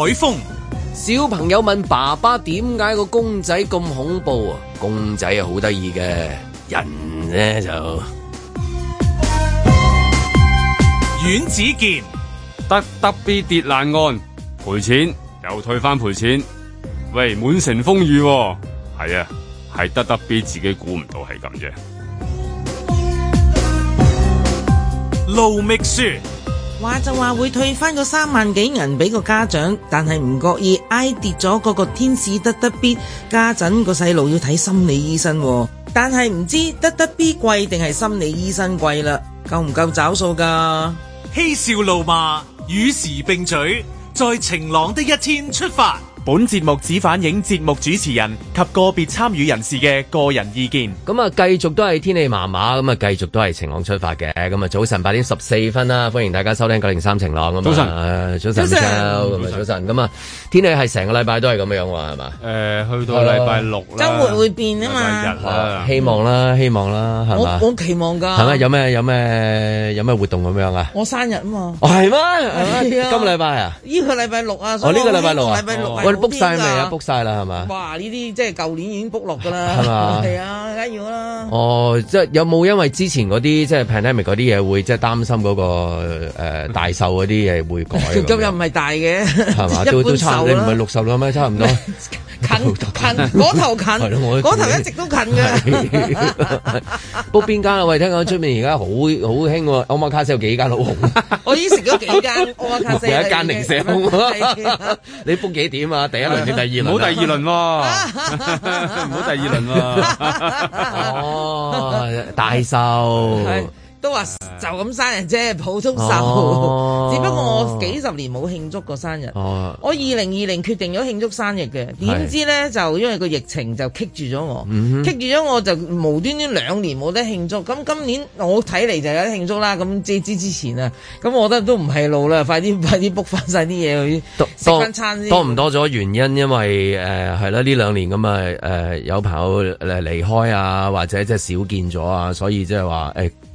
海風，小朋友問爸爸點解個公仔咁恐怖啊？公仔係好得意嘅，人咧就阮子健得得 B 跌爛案賠錢又退翻賠錢，喂，滿城風雨、喎，係啊係得得 B 自己估唔到係咁啫。盧覓雪。話就話會退翻個三萬幾銀俾個家長，但係唔覺意挨跌咗嗰個天使得得 B，家陣個細路要睇心理醫生，但係唔知得得 B 貴定係心理醫生貴啦？夠唔夠找數噶？嬉笑怒罵與時並舉，在晴朗的一天出發。本節目只反映節目主持人及個別參與人士嘅個人意見。咁啊，繼續都係天氣麻麻，咁啊，繼續都係晴朗出發嘅。咁啊，早晨八點十四分啦，歡迎大家收聽九零三晴朗，早晨，早晨 Michelle，早晨。早晨，早晨，早晨，早晨。咁啊，早晨。咁啊，天氣係成個禮拜都係咁樣，話係嘛？誒、欸，去到禮拜六，周末會變啊嘛。人希、嗯、希望啦，希望啦，係，好，我、我期望噶。係咪、啊、有咩有咩有咩活動咁樣啊？我生日啊嘛。係、哦、咩？今個禮拜啊？呢、呢個禮拜、啊呢個、六啊。呢、哦呢個禮拜六啊？禮、哦、拜六啊、哦？book 曬未啊？book 曬啦係嘛？哇！呢啲即係舊年已經 book 落㗎啦，係嘛？係啊，梗要啦。哦，即係有冇因為之前嗰啲即係 pandemic 嗰啲嘢，會即係擔心嗰個誒大壽嗰啲嘢會改？咁又唔係大嘅，係嘛？都都差唔多，唔係六十六咩？差唔多，近近嗰頭近，係咯，我嗰頭一直都近嘅。book 邊間啊？喂，聽講出面而家好好興，奧馬卡西有幾間好紅？我已經食咗幾間奧馬卡西，有一間零舍。你 book 幾點啊？第一輪定第二輪？唔好第二輪，唔好第二輪。 哦，大壽。都話就咁生日啫，普通生日，哦。只不過我幾十年冇慶祝過生日。哦、我二零二零決定咗慶祝生日嘅，點知呢？就因為個疫情就棘住咗我，棘、嗯、住咗我就無端端兩年冇得慶祝。咁今年我睇嚟就有得慶祝啦。咁借支之前啊，咁我覺得都唔係路啦，快啲快啲 book 翻晒啲嘢去食返餐先。多唔多咗原因？因為誒係啦，呢、呃、兩年咁啊、呃、有朋友誒離開啊，或者即係少見咗啊，所以即係話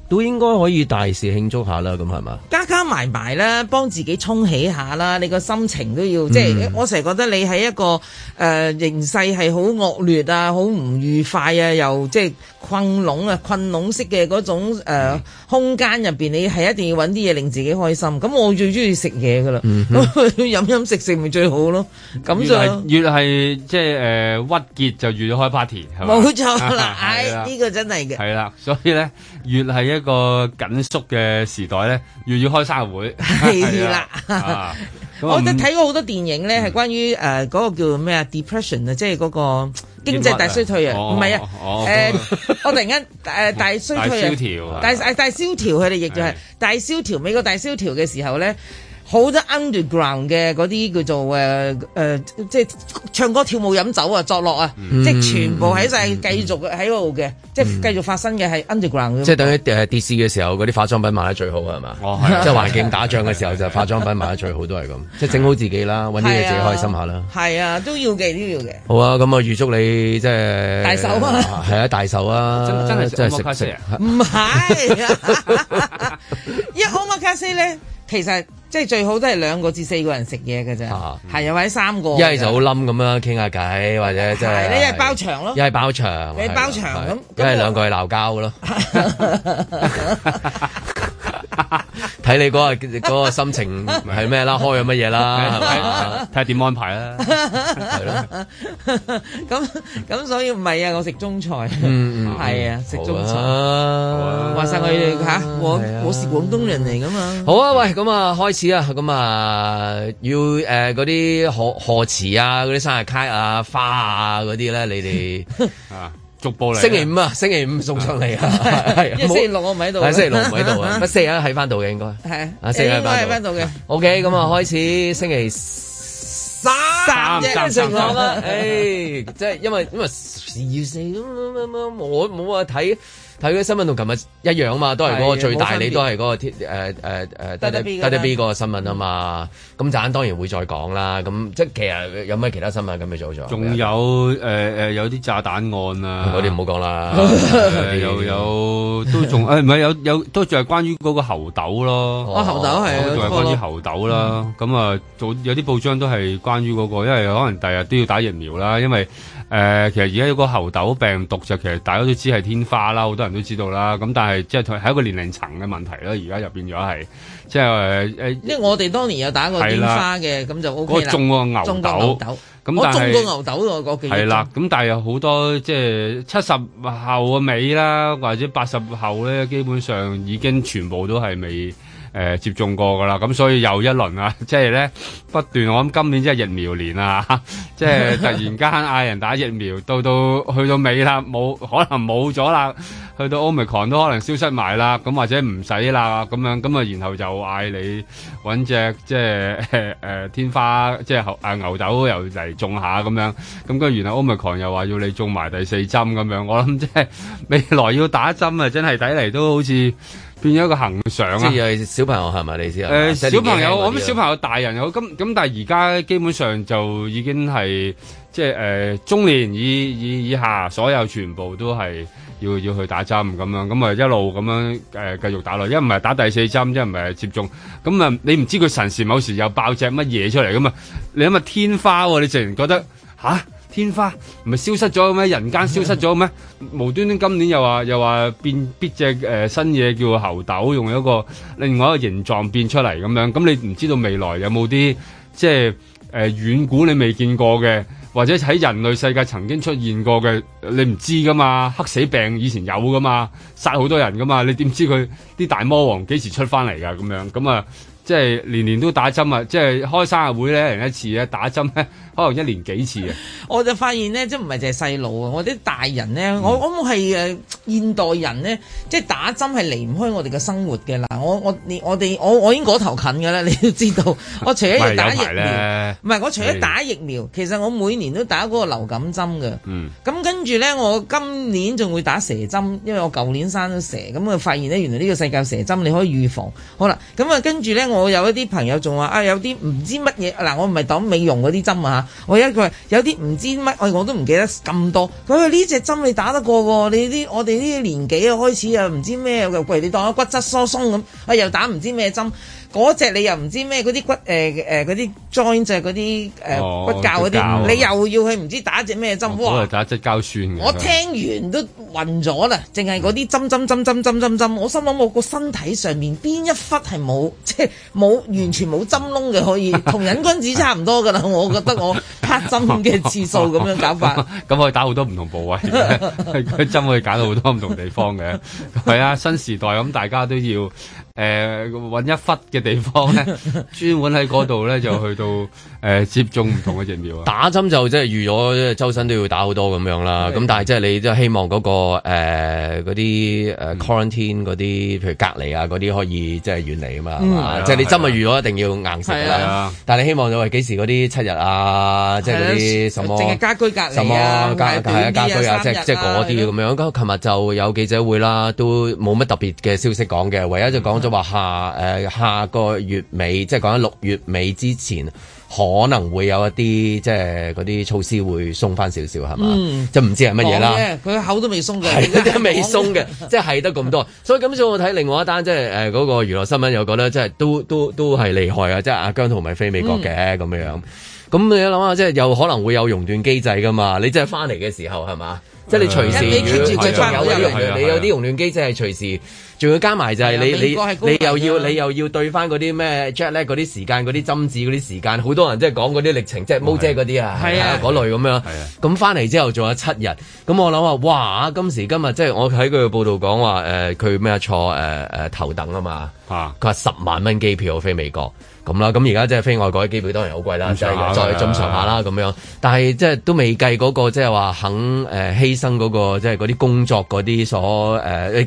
都應該可以大事慶祝下啦，咁係嘛？加加埋埋啦，幫自己充氣下啦，你個心情都要、嗯、即係。我成日覺得你喺一個誒、呃、形勢係好惡劣啊，好唔愉快啊，又即係困籠啊，困籠式嘅嗰種、呃嗯、空間入面，你係一定要搵啲嘢令自己開心。咁我最中意食嘢噶啦，飲飲食食咪最好咯。咁就越係即係誒鬱結就越開 party 係嘛？冇錯啦，唉， 呢、哎呢個真係嘅。係啦，所以咧。越係一個緊縮嘅時代咧，越要開生日會。係啦， 是的 啊、我都睇過好多電影咧，係、嗯、關於誒嗰、呃嗰個叫咩啊，depression 啊，即係嗰個經濟大衰退啊。唔係啊，哦啊哦、啊 我突然間、呃、大衰退啊，大 大蕭條佢哋亦就係、是、大蕭條。美國大蕭條嘅時候咧。好多 underground 嘅嗰啲叫做誒、呃呃、即唱歌跳舞飲酒啊，作樂啊，mm-hmm. 即全部喺晒、mm-hmm. 繼續喺度嘅，mm-hmm. 即係繼續發生嘅係 underground。即等於跌市嘅時候，嗰啲化妝品賣得最好係嘛，oh？即係環境打仗嘅時候 就化妝品賣得最好，都係咁，即係整好自己啦，搵啲嘢自己開心下啦。係啊，都要嘅，都要嘅。好啊，咁我預祝你即係大手啊！係啊，大手啊！真真係真係食卡西啊！唔係一阿石卡咧。其實即係最好都係兩個至四個人食嘢嘅啫，係又或者三個，一係就好冧咁樣傾下偈，或者即係、就是、你一係包場咯，一係包場，你包場咁，一係兩個係鬧交咯。 睇你嗰、那個那個心情係咩啦， 開咗乜嘢啦，睇下點安排啦，咁 咁、嗯、 所以唔係啊，我食中菜，係 啊，食中菜。話晒我吓我我是廣東人嚟噶嘛。好啊，喂，咁、嗯、啊開始啊咁啊要誒嗰啲賀詞啊，嗰啲生日卡啊，花啊嗰啲咧，你哋啊。直播嚟，星期五啊，星期五送出嚟啊，係一星期六我唔喺度，係星期六唔喺度啊，星期一喺翻度嘅應該，係啊四喺翻度嘅，OK，咁啊開始星期三隻嘅情況啦，誒，即係因為因為二四咁咁咁，我冇話睇。睇嘅新聞同琴日一樣啊嘛，都係嗰個最大個 T，呃，你都係嗰個誒誒誒滴 B 嗰個新聞啊嘛。咁炸彈當然會再講啦。咁即係其實有咩其他新聞咁咪做咗？仲有誒、呃、有啲炸彈案啊！嗰啲唔好講啦。又 有，有都仲誒唔係有有都仲係關於嗰個猴痘咯。猴痘係啊，仲係關於猴痘啦。咁、哦哦、啊，做、哦嗯嗯、有啲報章都係關於嗰、那個，因為可能第日都要打疫苗啦，因為。誒、呃，其實而家有個猴痘病毒就其實大家都知係天花啦，好多人都知道啦。咁但係即係係一個年齡層嘅問題啦。而家又變咗係即係誒因為我哋當年有打過天花嘅，咁就 OK 啦。我種過牛痘，咁我種過牛痘，我記得。係啦，咁、那個那個、但係有好多即係七十後嘅尾啦，或者八十後咧，基本上已經全部都係未。誒、呃、接種過㗎啦，咁所以又一輪啊，即係呢，不斷我諗今年即係疫苗年啊，即係突然間嗌人打疫苗，到到去到尾啦，冇可能冇咗啦，去到變咗個恒常啊！係小朋友係咪李師？誒、呃，小朋友，我、嗯、諗小，小朋友、大人又好，咁咁，但係而家基本上就已經係即係誒、呃、中年以以以下，所有全部都係要要去打針咁樣，咁啊一路咁樣誒繼、呃、續打落，一唔係打第四針，一唔係接種，咁啊你唔知佢神時某時又爆隻乜嘢出嚟噶嘛？你諗下天花、啊，你突然覺得吓？啊天花唔係消失咗咩？人間消失咗咩？ 無端端今年又話又話變變隻、呃、新嘢叫猴痘用一個另外一個形狀變出嚟咁樣。咁你唔知道未來有冇啲即係誒、呃、遠古你未見過嘅，或者喺人類世界曾經出現過嘅，你唔知噶嘛？黑死病以前有噶嘛？殺好多人噶嘛？你點知佢啲大魔王幾時出翻嚟㗎？咁樣咁啊，即係年年都打針啊！即係開生日會咧，人一次啊，打針咧。可能一年幾次啊 ！我就發現咧，即唔係淨係細路啊？我啲大人咧、嗯，我我係誒現代人咧，即係打針係離唔開我哋嘅生活嘅啦。我我我哋我我已經嗰頭近嘅啦，你都知道。我除咗要打疫苗，唔 係我除咗打疫苗，其實我每年都打嗰個流感針嘅。咁、嗯、跟住咧，我今年仲會打蛇針，因為我舊年生咗蛇，咁啊發現咧，原來呢個世界蛇針你可以預防。好啦，咁啊跟住咧，我有一啲朋友仲話啊，有啲唔知乜嘢嗱，我唔係打美容嗰啲針啊我一句，有啲唔知乜，我我都唔記得咁多。佢話呢隻針你打得過？你啲我哋呢啲年紀啊，開始啊唔知咩又貴你當咗，骨質疏鬆咁，啊又打唔知咩針。嗰隻你又唔知咩嗰啲骨誒誒嗰啲 joint 啲誒、呃、骨膠嗰啲，你又要去唔知打隻咩針？哇、哦！打一隻膠酸嘅，我聽完都暈咗啦。淨係嗰啲針、嗯、針針針針針針，我心諗我個身體上面邊一忽係冇，即係冇完全冇針窿嘅可以，同 隱君子差唔多噶啦。我覺得我卡針、 哦哦哦哦哦、 打 針嘅次數咁樣搞法，咁可以打好多唔同部位嘅針，可以揀到好多唔同地方嘅。係 是啊，新時代咁，大家都要。誒、呃，搵一忽嘅地方咧，專 門喺嗰度咧就去到誒、呃、接種唔同嘅疫苗啊。打針就即係預咗周身都要打好多咁樣啦。咁但係即係你都希望嗰，那個誒嗰啲誒 quarantine 嗰、嗯、啲，譬如隔離啊嗰啲可以即係遠離啊嘛。即、嗯、係、就是、你針係預咗一定要硬食嘅。但係你希望就係幾時嗰啲七日啊，即係嗰啲什麼？家居隔離呀，啊？什麼家？家居啊，居啊啊即係即係嗰啲咁樣。咁琴日就有記者會啦，都冇乜特別嘅消息講嘅，唯一就講，嗯。就話下誒下個月尾，即係講緊六月尾之前，可能會有一啲即係嗰啲措施會鬆翻少少，係嘛、嗯？就唔知係乜嘢啦。佢口都未鬆嘅，係都未鬆嘅， 即係係得咁多。所以咁所以我睇另外一單，即係嗰、嗰個娛樂新聞，又覺得即係都都都係厲害啊！即係阿姜濤咪飛美國嘅咁樣樣。咁你諗下，即係有可能會有熔斷機制㗎嘛？你即係翻嚟嘅時候係嘛、嗯？即係你隨時，如果有你有啲熔斷機制係隨時。仲要加埋就係你你你又要你又要對翻嗰啲咩 jetlag，嗰啲時間，嗰啲針紙嗰啲時間，好多人即係講嗰啲歷程，哦、即係 Mo 姐嗰啲啊，係啊嗰類咁樣。咁翻嚟之後仲有七日，咁我諗話哇，今時今日即係、就是、我喺佢嘅報道講話誒，佢咩啊坐誒頭等啊嘛，佢話十萬蚊機票我飛美國咁啦，咁而家即係飛外國嘅機票當然好貴啦，就是、再進上下啦咁樣。但係即係都未計嗰、那個即係話肯誒、呃、犧牲嗰、那個即係嗰啲工作嗰啲所呢、呃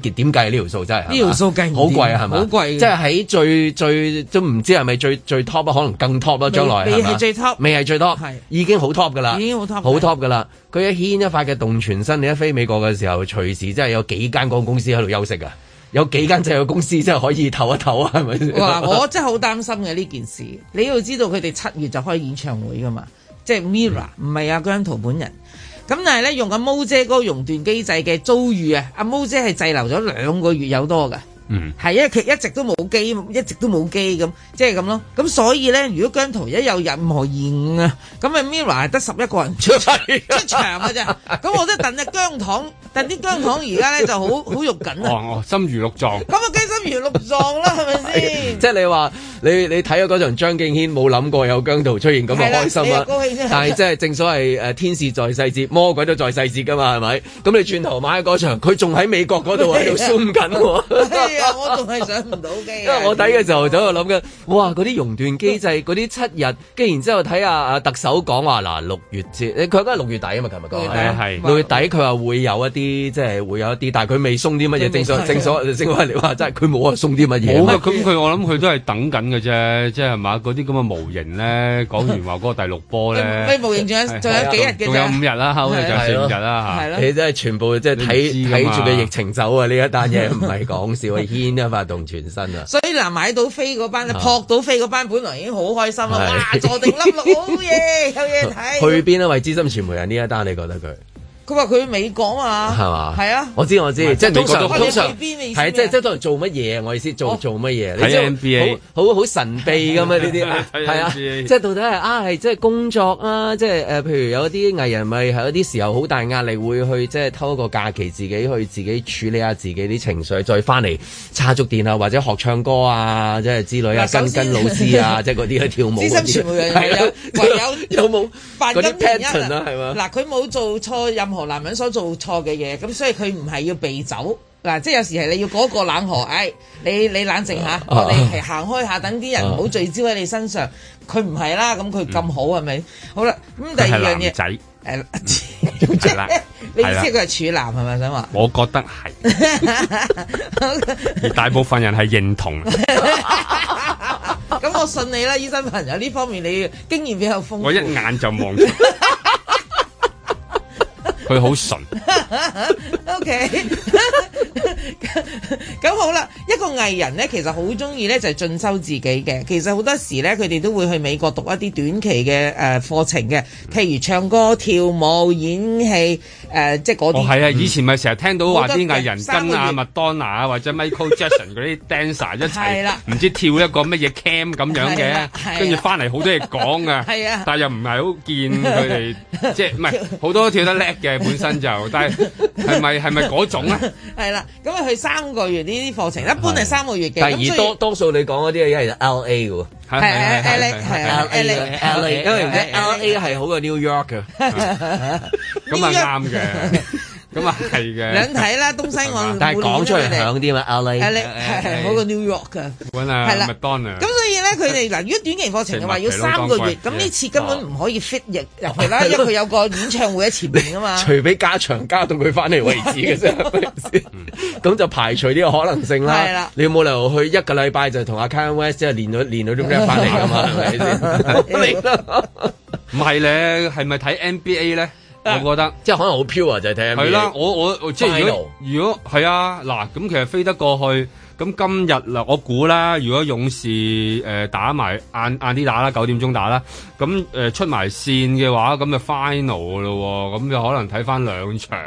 呢條數計唔好貴係咪？好貴。即係喺最最都唔知係咪最最 top，可能更 top 咯。將來未係最 top，是未係最 t 多，係已經好 top 噶啦。已經好 top，好 top 噶啦。佢一牽一塊嘅動全身，你一飛美國嘅時候，隨時即係有幾間航告公司喺度休息啊！有幾間製藥公司即係可以唞一唞啊，係咪？ 哇！我真係好擔心嘅、啊、呢件事。你要知道佢哋七月就開演唱會噶嘛，即、就、係、是、Mira 唔係阿姜 a 本人。咁但係呢，用阿毛姐嗰個熔斷機制嘅遭遇啊，阿毛姐係滯留咗兩個月有多㗎。嗯，係，因為佢一直都冇機，一直都冇機咁，即係咁咯。咁所以咧，如果姜濤一有任何意外啊咁啊 Mirror 得十一個人出出場噶啫。咁、啊嗯、我真係戥隻姜糖，戥、嗯、啲姜糖而家咧就好好肉緊啊、哦哦！心如鹿撞咁啊，雞心如鹿撞啦，係咪先？即係你話你你睇咗嗰場張敬軒冇諗過有姜濤出現咁啊開心啊，啊！但係即係正所謂誒，天使在細節，魔鬼都在細節噶嘛，係咪？咁你轉頭買嗰場，佢仲喺美國嗰度喺度 show 緊。 我仲係想唔到嘅。因為我睇嘅時候，就喺度諗緊。哇！嗰啲熔斷機制，嗰 啲七日，跟然之後睇下阿特首講話嗱，六月先。你佢梗係六月底啊嘛，琴日講六月六月底佢話、欸、會有一啲，即、就、係、是、會有一啲，但係佢未鬆啲乜嘢。正所正所，正話你話真係佢冇話鬆啲乜嘢。冇啊！咁佢我諗佢都係等緊嘅啫，即係係嘛？嗰啲咁嘅模型咧，講完話嗰個第六波咧，咩模型仲有仲有 幾日嘅？仲有，有五日啦、啊，後尾就四日啦。係咯、啊啊啊，你真係全部即係睇睇住嘅疫情走啊！呢一單嘢唔係講笑。牽一髮！發動全身啊！所以嗱，買到飛嗰班，哦、撲到飛嗰班，本來已經好開心啦！哇，坐定粒六好嘢，有嘢睇。去邊啊？位資深傳媒人呢一單，你覺得佢？佢話佢去美國嘛？係嘛？係啊！我知、啊、我知，即係美國都通常即係即係當做乜嘢？我意思做、哦、做乜嘢？喺 NBA 好好，好神秘咁啊！呢啲係啊，啊啊啊即係到底係啊？係即係工作啊？即係誒？譬如有一啲藝人咪係有啲時候好大壓力，會去即係偷一個假期，自己去自己處理下自己啲情緒，再翻嚟叉足電啊，或者學唱歌啊，即係之類啊，啊，跟啊跟老師啊，即係嗰啲去跳舞。知心有有，唯有有冇犯咁原因啦？係、啊、嘛？嗱、啊，佢冇做錯任何。啊啊啊啊啊啊啊男人所做錯嘅嘢，咁所以佢唔係要避走嗱，即係有時係你要嗰個冷河，唉、哎，你你冷靜下，啊、我哋係行開一下，等啲人唔好聚焦喺你身上。佢唔係啦，咁佢咁好係咪、嗯？好啦，咁第二樣嘢，他是男仔，誒， 總之 你意思佢係處男係咪想話？我覺得係， 而大部分人係認同。咁 我信你啦，醫生朋友呢方面你經驗比較豐富，我一眼就望。 佢 Okay. 好純。O K，咁好啦，一個藝人咧，其實好中意咧，就係、是、進修自己嘅。其實好多時咧，佢哋都會去美國讀一啲短期嘅誒課程嘅，譬如唱歌、跳舞、演戲，誒、呃，即係嗰啲哦，係啊。以前咪成日聽到話啲藝人跟啊麥當娜啊，或者 Michael Jackson 嗰 啲 dancer 一齊，唔知跳一個乜嘢 cam 咁樣嘅，跟住翻嚟好多嘢講 啊，但係又唔係好見佢哋， 即係唔係好多跳得叻嘅。 本身就，但係係咪係咪嗰種咧？係啦，咁啊去三個月呢啲課程，一般係三個月嘅。第二，多數你講嗰啲係 L A 喎，係啊，Alex 係啊，LA, LA, LA, LA，因為 L A 係好過 New York 嘅，咁啊啱嘅。 咁啊，係嘅。兩睇啦，東西我但係講出嚟響啲啊，阿麗嗰個 New York 噶。揾啊，係啦，麥當勞。咁所以咧，佢哋嗱，如果短期課程嘅話，要三個月，咁呢次根本唔可以 fit 入入去啦，因為佢有個演唱會喺前面啊嘛。除非加長加到佢翻嚟為止嘅啫。咁就排除呢個可能性啦。你有冇理由去一個禮拜就同阿 Kanye West 即係練到練到啲咩翻嚟噶嘛？係咪先？唔係咧，係咪睇 NBA 咧？我覺得即係可能好飄就係聽係啦，我我即係，如果、final？如果係啊嗱，咁其實飛得過去，咁今日嗱我估啦，如果勇士誒、呃、打埋晏晏啲打啦，九點鐘打啦，咁、呃、出埋線嘅話，咁就 final 咯、哦，咁就可能睇翻兩場。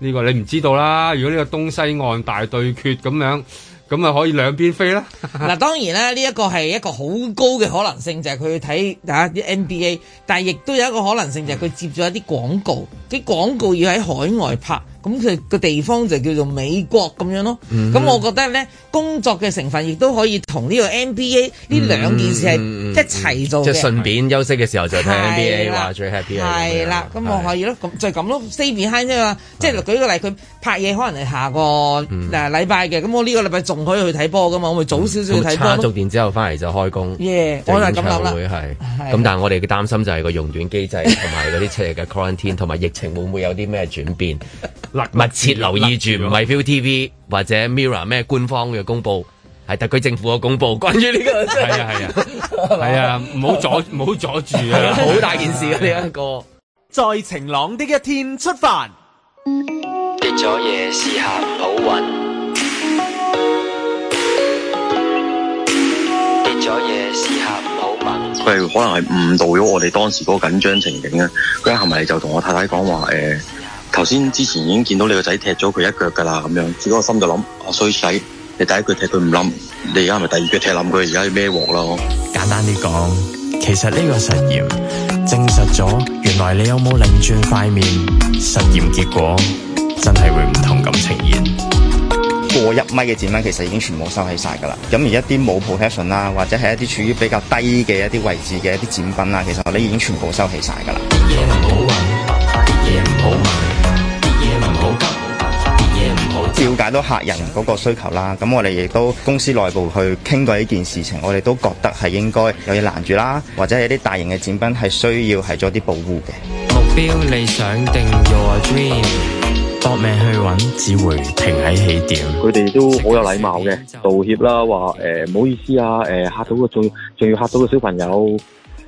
呢、呢個你唔知道啦，如果呢個東西岸大對決咁樣。咁咪可以兩邊飛啦！嗱，當然啦，呢、這個、一個係一個好高嘅可能性，就係佢去睇啊啲 NBA，但係亦都有一個可能性，就係、是、佢接咗一啲廣告，啲廣告要喺海外拍。咁、那、佢個地方就叫做美國咁樣咯。咁、mm-hmm. 我覺得咧，工作嘅成分亦都可以同呢個 NBA 呢兩件事係一齊做、嗯嗯嗯嗯、即係順便休息嘅時候就睇 NBA，話最 happy。係啦，咁我可以咯，咁就係咁咯。b e high 啫嘛，即係舉個例，佢拍嘢可能係下個禮拜嘅，咁我呢個禮拜仲可以去睇波噶嘛，我咪早少少睇波咯。嗯、差足點之後翻嚟就開工。可、yeah, 我就咁諗啦。會係。咁但係我哋嘅擔心就係個熔斷機制同埋 嗰啲七日嘅 quarantine 同 埋疫情會唔會有啲咩轉變？ 密切留意住，唔係 ViuTV 或者 Mirror 咩？官方嘅公布，係特區政府嘅公布， 關於呢、這個係啊係啊係啊，唔好阻唔好阻住啊，好、 啊啊啊啊啊啊啊、大件事啊呢一個。啊、再晴朗一的一天出發。跌咗嘢試下唔好揾，跌咗嘢試下唔好問。佢 可能係誤導咗我哋當時嗰個緊張情景啊！佢係咪就同我太太講話、呃頭先之前已經見到你個仔踢咗佢一腳噶啦，咁樣，只不過心度諗：我衰仔，你第一腳踢佢唔冧，你而家係咪第二腳踢冧佢？而家係孭鑊啦？簡單啲講，其實呢個實驗證實咗，原來你有冇擰轉塊面，實驗結果真係會唔同咁呈現。過一米嘅展品其實已經全部收起晒噶啦，咁而一啲冇 profession 啦，或者係一啲處於比較低嘅一啲位置嘅一啲展品啦，其實我哋已經全部收起晒噶啦。啲嘢唔好玩，了解到客人嗰個需求啦，咁我哋亦都公司內部去傾過呢件事情，我哋都覺得係應該有嘢攔住啦，或者係一啲大型嘅展品係需要係做啲保護嘅。目標你想定 your dream，搏命去揾，只會停喺起點。佢哋都好有禮貌嘅道歉啦，話誒唔好意思啊，誒、呃、嚇到個仲仲要嚇到個小朋友，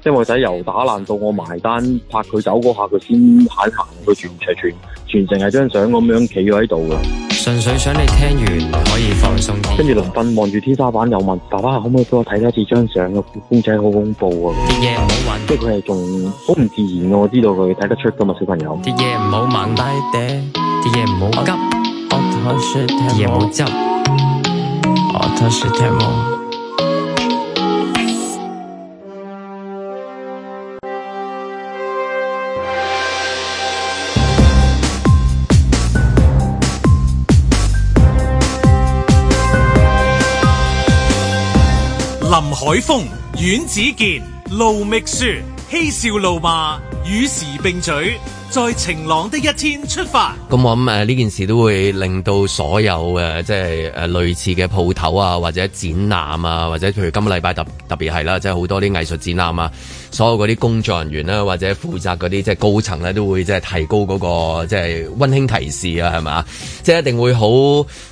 因為我仔由打爛到我埋單拍佢走嗰下佢先肯行去轉車轉。全程係張相咁樣企喺度嘅。純粹想你聽完可以放鬆。跟住臨瞓望住天花板又問：爸爸，可唔可以俾我睇一次張相？個公仔好恐怖啊！啲嘢唔好問。即係佢係仲好唔自然嘅，我知道佢睇得出㗎嘛，小朋友。啲嘢唔好問爹哋，啲嘢唔好急，我睇少睇冇，啲嘢唔好急，我睇少睇林海峰、阮子健、盧覓雪，嬉笑怒罵，與時並舉，在晴朗的一天出發。咁我諗誒，呢、呃、件事都會令到所有誒、呃，即係誒、呃，類似嘅鋪頭啊，或者展覽啊，或者譬如今個禮拜特特別係啦，即係好多啲藝術展覽啊。所有嗰啲工作人員啦，或者負責嗰啲即係高層咧，都會即係提高嗰個即係溫馨提示啊，係咪啊？即係一定會好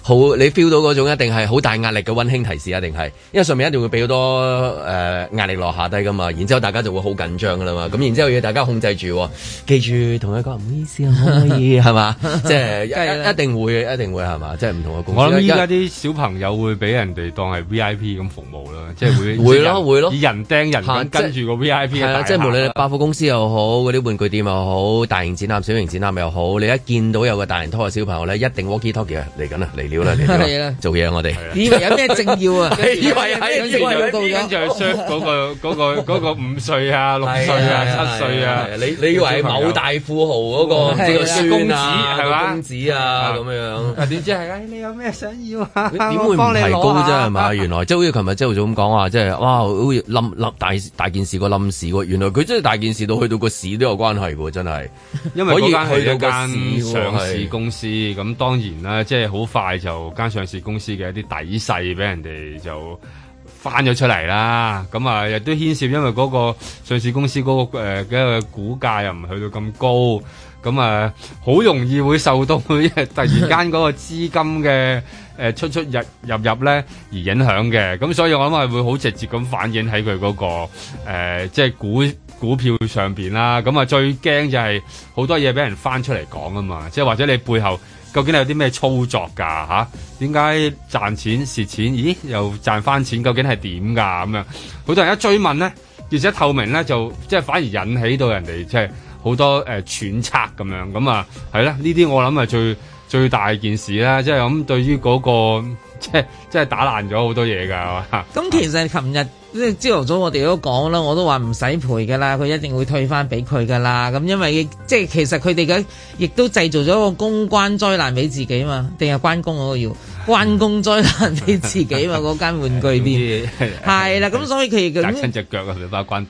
好你 feel 到嗰種一定係好大壓力嘅溫馨提示，一定係因為上面一定會俾好多誒壓力落下低噶嘛，然之後大家就會好緊張噶啦嘛，咁然之後要大家控制住，記住同佢講唔好意思啊，唔好意思係嘛？即 係、就是、 一定會一定會係嘛？即係唔同嘅公司。我諗依家啲小朋友會俾人哋當係 VIP 咁服務啦，即係會會咯會咯，以人釘人跟住個 VIP。 係啊，即係無論你百貨公司又好，嗰啲玩具店又好，大型展覽、小型展覽又好，你一見到有個大人拖嘅小朋友咧，一定 Walkie Talkie 嚟緊啦，嚟料啦，嚟料，來 做嘢我哋、啊、 以為有咩正要啊？以為以為咁樣，跟住係嗰個嗰個嗰個五歲啊、六歲啊、七歲啊，你以為某大富豪嗰個孫子係嘛公子啊咁樣樣？點知係誒？你有咩想要啊？點會唔提高啫、啊？係嘛？原來即係好似琴日朝早咁講話，即係、啊、哇，好似冧冧大大，大件事個冧。原來佢真係大件事，到去到個市都有關係喎，真係。 因為我而家去咗一間上市公司，咁 當然啦，即係好快就間上市公司嘅一啲底細俾人哋就翻咗出嚟啦。咁啊，亦都牽涉，因為嗰個上市公司嗰、嗰個誒、呃、股價又唔去到咁高。咁、嗯、啊，好容易會受到佢突然間嗰個資金嘅誒出出入入入咧而影響嘅，咁、嗯、所以我諗係會好直接咁反映喺佢嗰個、呃、即係股股票上面啦。咁、嗯、啊，最驚就係好多嘢俾人翻出嚟講啊嘛，即係或者你背後究竟係有啲咩操作㗎？吓，點解賺錢蝕錢？咦又賺翻錢？究竟係點㗎咁樣？好、嗯、多人一追問咧，而且透明咧就即係反而引起到人哋即係。就是好多誒，揣測咁樣咁啊，係啦，呢啲我諗係最最大件事啦，即係咁對於嗰個即係即係打爛咗好多嘢㗎，係嘛？咁其實琴日即係朝頭早我哋都講啦，我都話唔使賠㗎啦，佢一定會退翻俾佢㗎啦。咁因為即係其實佢哋嘅亦都製造咗個公關災難俾自己嘛，定係關公嗰個要？關公災難俾自己嘛？嗰間玩具店係啦，咁所以佢打親隻腳啊！佢、嗯嗯嗯嗯嗯嗯嗯嗯、把關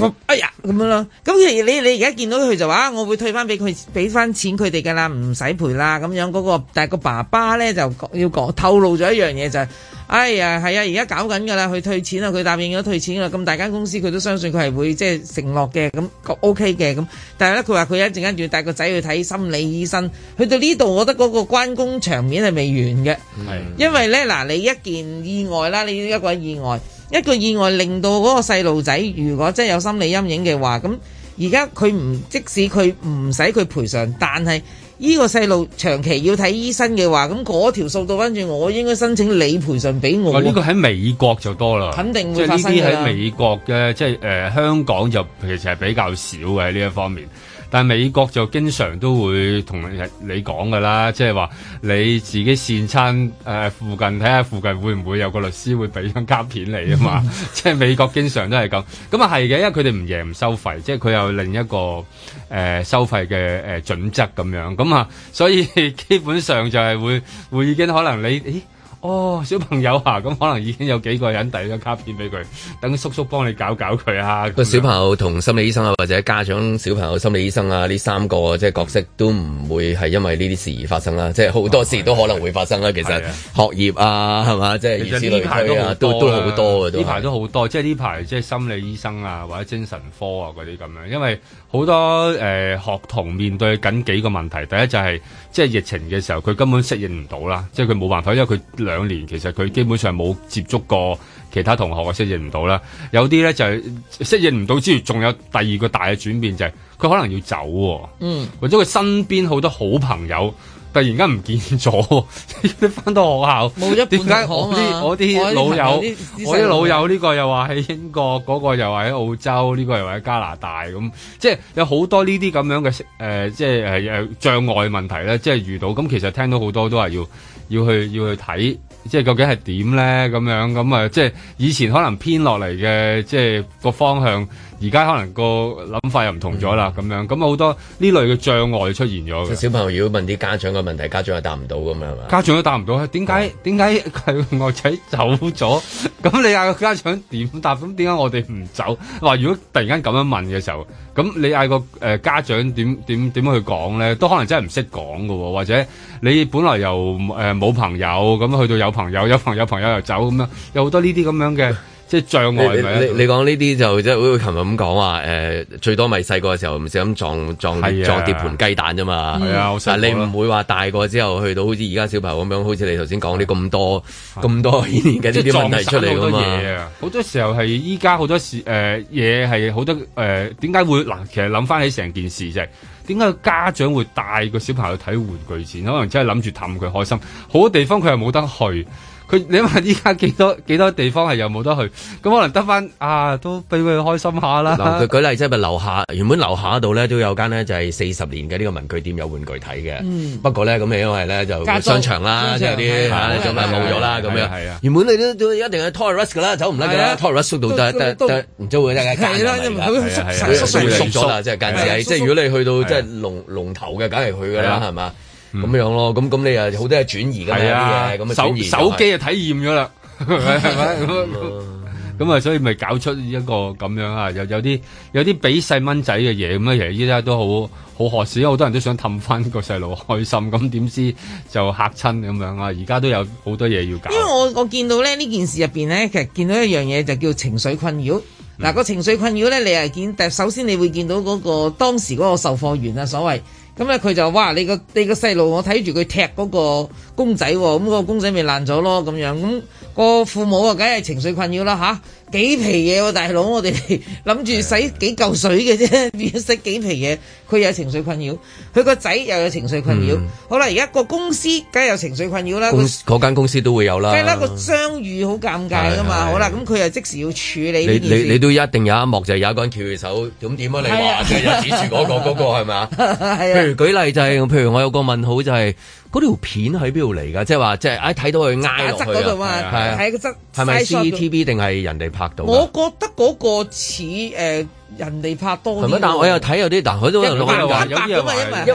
刀，哎呀咁樣咯。咁你你你而家見到佢就話，我會退翻俾佢，俾翻錢佢哋噶啦，唔使賠啦。咁樣嗰、嗰個，但係個爸爸咧就要講，透露咗一樣嘢就係。哎呀，係啊，而家搞緊噶啦，去退錢啊，佢答應咗退錢喇。咁大間公司佢都相信佢係會即係承諾嘅，咁 OK 嘅咁。但係咧，佢話佢一陣間仲要帶個仔去睇心理醫生。去到呢度，我覺得嗰個關公場面係未完嘅，因為咧嗱，你一件意外啦，你一個意外，一個意外令到嗰個細路仔，如果真係有心理陰影嘅話，咁而家佢唔，即使佢唔使佢賠償，但係。呢個細路長期要睇醫生嘅話，咁嗰條數到跟住我應該申請理賠上俾我。哇！呢個喺美國就多啦，肯定會發生嘅。呢啲喺美國嘅，即係誒香港就其實係比較少嘅喺呢一方面。但係美國就經常都會同你講㗎啦，即係話你自己善餐、呃、附近睇下附近會唔會有個律師會俾張卡片你啊嘛，即 係美國經常都係咁，咁啊係嘅，因為佢哋唔贏唔收費，即係佢有另一個、呃、收費嘅誒、呃、準則咁樣，咁啊，所以基本上就係會會已經可能你。咦哦，小朋友啊，咁、嗯、可能已經有幾個人遞咗卡片俾佢，等叔叔幫你搞搞佢啊。個小朋友同心，心理醫生啊，或者家長、小朋友、心理醫生啊，呢三個即係、就是、角色都唔會係因為呢啲事而發生啦。即係好多事都可能會發生啦。其實學業啊，係嘛，即係。其實呢排、啊、都、啊、都好多嘅，呢排都好多。即係呢排即係心理醫生啊，或者精神科啊嗰啲咁樣，因為好多誒、呃、學童面對緊幾個問題，第一就係、是。即係疫情嘅時候，佢根本適應唔到啦。即係佢冇辦法，因為佢兩年其實佢基本上冇接觸過其他同學，啊適應唔到啦。有啲咧就係適應唔到之餘，仲有第二個大嘅轉變就係佢可能要走。嗯，或者佢身邊好多好朋友。突然間唔見咗，翻到學校冇一半解、啊？我啲我啲老友，我啲老友呢個又話喺英國，嗰、那個又話喺澳洲，呢、那個又話喺、那個那個、加拿大咁，即係有好多呢啲咁樣嘅誒、呃，即係誒誒障礙問題咧，即係遇到。咁其實聽到好多都係要要去要去睇，即係究竟係點咧？咁樣咁啊，即係以前可能偏落嚟嘅，即係個方向。而家可能個諗法又唔同咗啦，咁、嗯、樣咁好多呢類嘅障礙出現咗嘅。小朋友要問啲家長嘅問題，家長又答唔到咁樣係嘛？家長都答唔到，點解點解個仔走咗？咁 你嗌個家長點答？咁點解我哋唔走？話如果突然間咁樣問嘅時候，咁你嗌個家長點點點去講咧？都可能真係唔識講㗎喎，或者你本來又冇朋友咁去到有朋友，有朋友，有朋友，朋友又走咁樣，有好多呢啲咁樣嘅。 即係障礙是是你你講呢啲就即係好似琴日咁講話誒，最多咪細個嘅時候唔使咁撞撞、啊、撞跌盤雞蛋啫嘛、嗯。但你唔會話大個之後去到好似而家小朋友咁樣，好似你頭先講啲咁多咁、啊、多現年嘅呢啲問題出嚟㗎嘛。好多、啊、多時候係依家好多事嘢係好多誒點解會嗱？其實諗翻起成件事就係點解家長會帶個小朋友睇玩具展？可能真係諗住氹佢開心。好多地方佢又冇得去。佢你諗依家幾多幾多地方係又冇得去，咁可能得翻啊，都俾佢開心下啦。嗱，佢舉例即係咪樓下原本樓下度咧都有間呢，就係四十年嘅呢個文具店有玩具睇嘅。嗯。不過咧咁因為咧就商場啦，即係啲咁冇咗啦咁樣。係、就、啊、是嗯嗯嗯嗯。原本你都一定去 tourist 噶啦，走唔甩嘅 tourist shop 度都得得唔知會唔會間。係啦，因為佢縮縮縮咗啦，即係間即係如果你去到即係龍龍頭嘅梗係去㗎啦，係嘛？咁、嗯、樣咯，咁咁你又轉啊好多係轉移咁樣嘅，係啊轉移，手機啊體驗咗啦，咁啊 是吧， 所以咪搞出一個咁樣啊，有有啲有啲俾細蚊仔嘅嘢咁啊，其實依家都好好可笑。因為好多人都想氹翻個細路開心，咁點知就嚇親咁樣啊。而家都有好多嘢要搞。因為我我見到咧呢件事入邊咧，其實見到一樣嘢就叫情緒困擾。嗱、嗯，嗰個情緒困擾咧，你係見首先你會見到嗰、嗰個當時嗰個售貨員啊，所謂。咁咧佢就哇你個你個細路我睇住佢踢嗰個公仔喎，咁個公仔咪爛咗咯咁樣，咁個父母啊，梗係情緒困擾啦吓。幾皮嘢喎大佬，我哋諗住使幾嚿水嘅啫，邊有使幾皮嘢？佢有情緒困擾，佢個仔又有情緒困擾。好啦，而家個公司梗係有情緒困擾啦，嗰間公司都會有啦。梗係啦，個相遇好尷尬噶嘛。好啦，咁佢又即時要處理呢件事。你你都一定有一幕就係有一個人翹起手咁點啊？你話即係指住嗰個嗰個係咪啊？譬如舉例就係，譬如我有個問號就係。嗰條片喺、就是就是、邊度嚟㗎？即係話，即係哎睇到佢挨落去啊！喺個側，係咪 CCTV 定係人哋拍到？我覺得嗰個似、呃、人哋拍多、那個。係咩？但我又睇有啲，但佢都冇人揾㗎。有啲嘢，因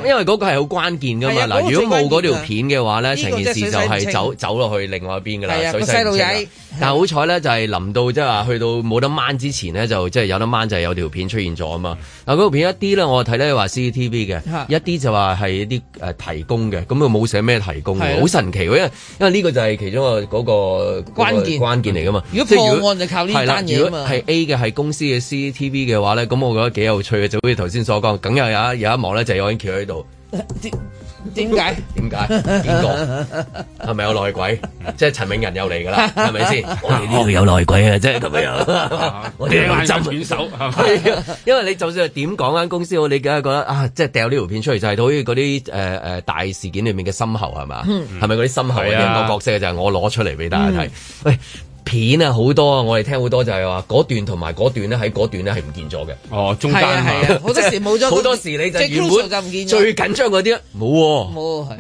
為因為嗰個係好關鍵㗎嘛。嗱、那個，如果冇嗰條片嘅話呢，成、這個、件事就係走走落去另外一邊㗎啦。細路仔。 但係好彩咧，就係、是、臨到即係話去到冇得掹之前咧，就即係、就是、有得掹就係、有條片出現咗啊嘛！嗱，嗰條片一啲咧，我睇咧話 CCTV 嘅，一啲就話係一啲誒、呃、提供嘅，咁佢冇寫咩提供嘅，好神奇喎！因為因為呢個就係其中、那個嗰個關鍵關鍵嚟噶嘛。如果破案就靠呢單嘢如果嘛。係 A 嘅係公司嘅 CCTV 嘅話咧，咁我覺得幾有趣嘅，就好似頭先所講，咁又有有一望咧就係有張橋喺度。點解？點 解？點講，係咪有內鬼？ 即係陳永仁又嚟噶啦，係咪先？我哋呢度有內鬼啊！即係咁樣，我哋亂針亂手。係 咪？因為你就算係點講間公司你梗係覺得啊，即係掉呢條片出嚟就係到嗰啲誒誒大事件裏面嘅深喉係嘛？係咪嗰啲深喉的啊？我角色就係我攞出嚟俾大家睇，嗯。喂。片啊好多啊，我哋聽好多就係話嗰段同埋嗰段咧，喺嗰段咧係唔見咗嘅。哦，中間啊，係啊、係啊、 好多時冇咗、嗰個，好多時你就原本就唔見咗。最緊張嗰啲，冇冇冇啊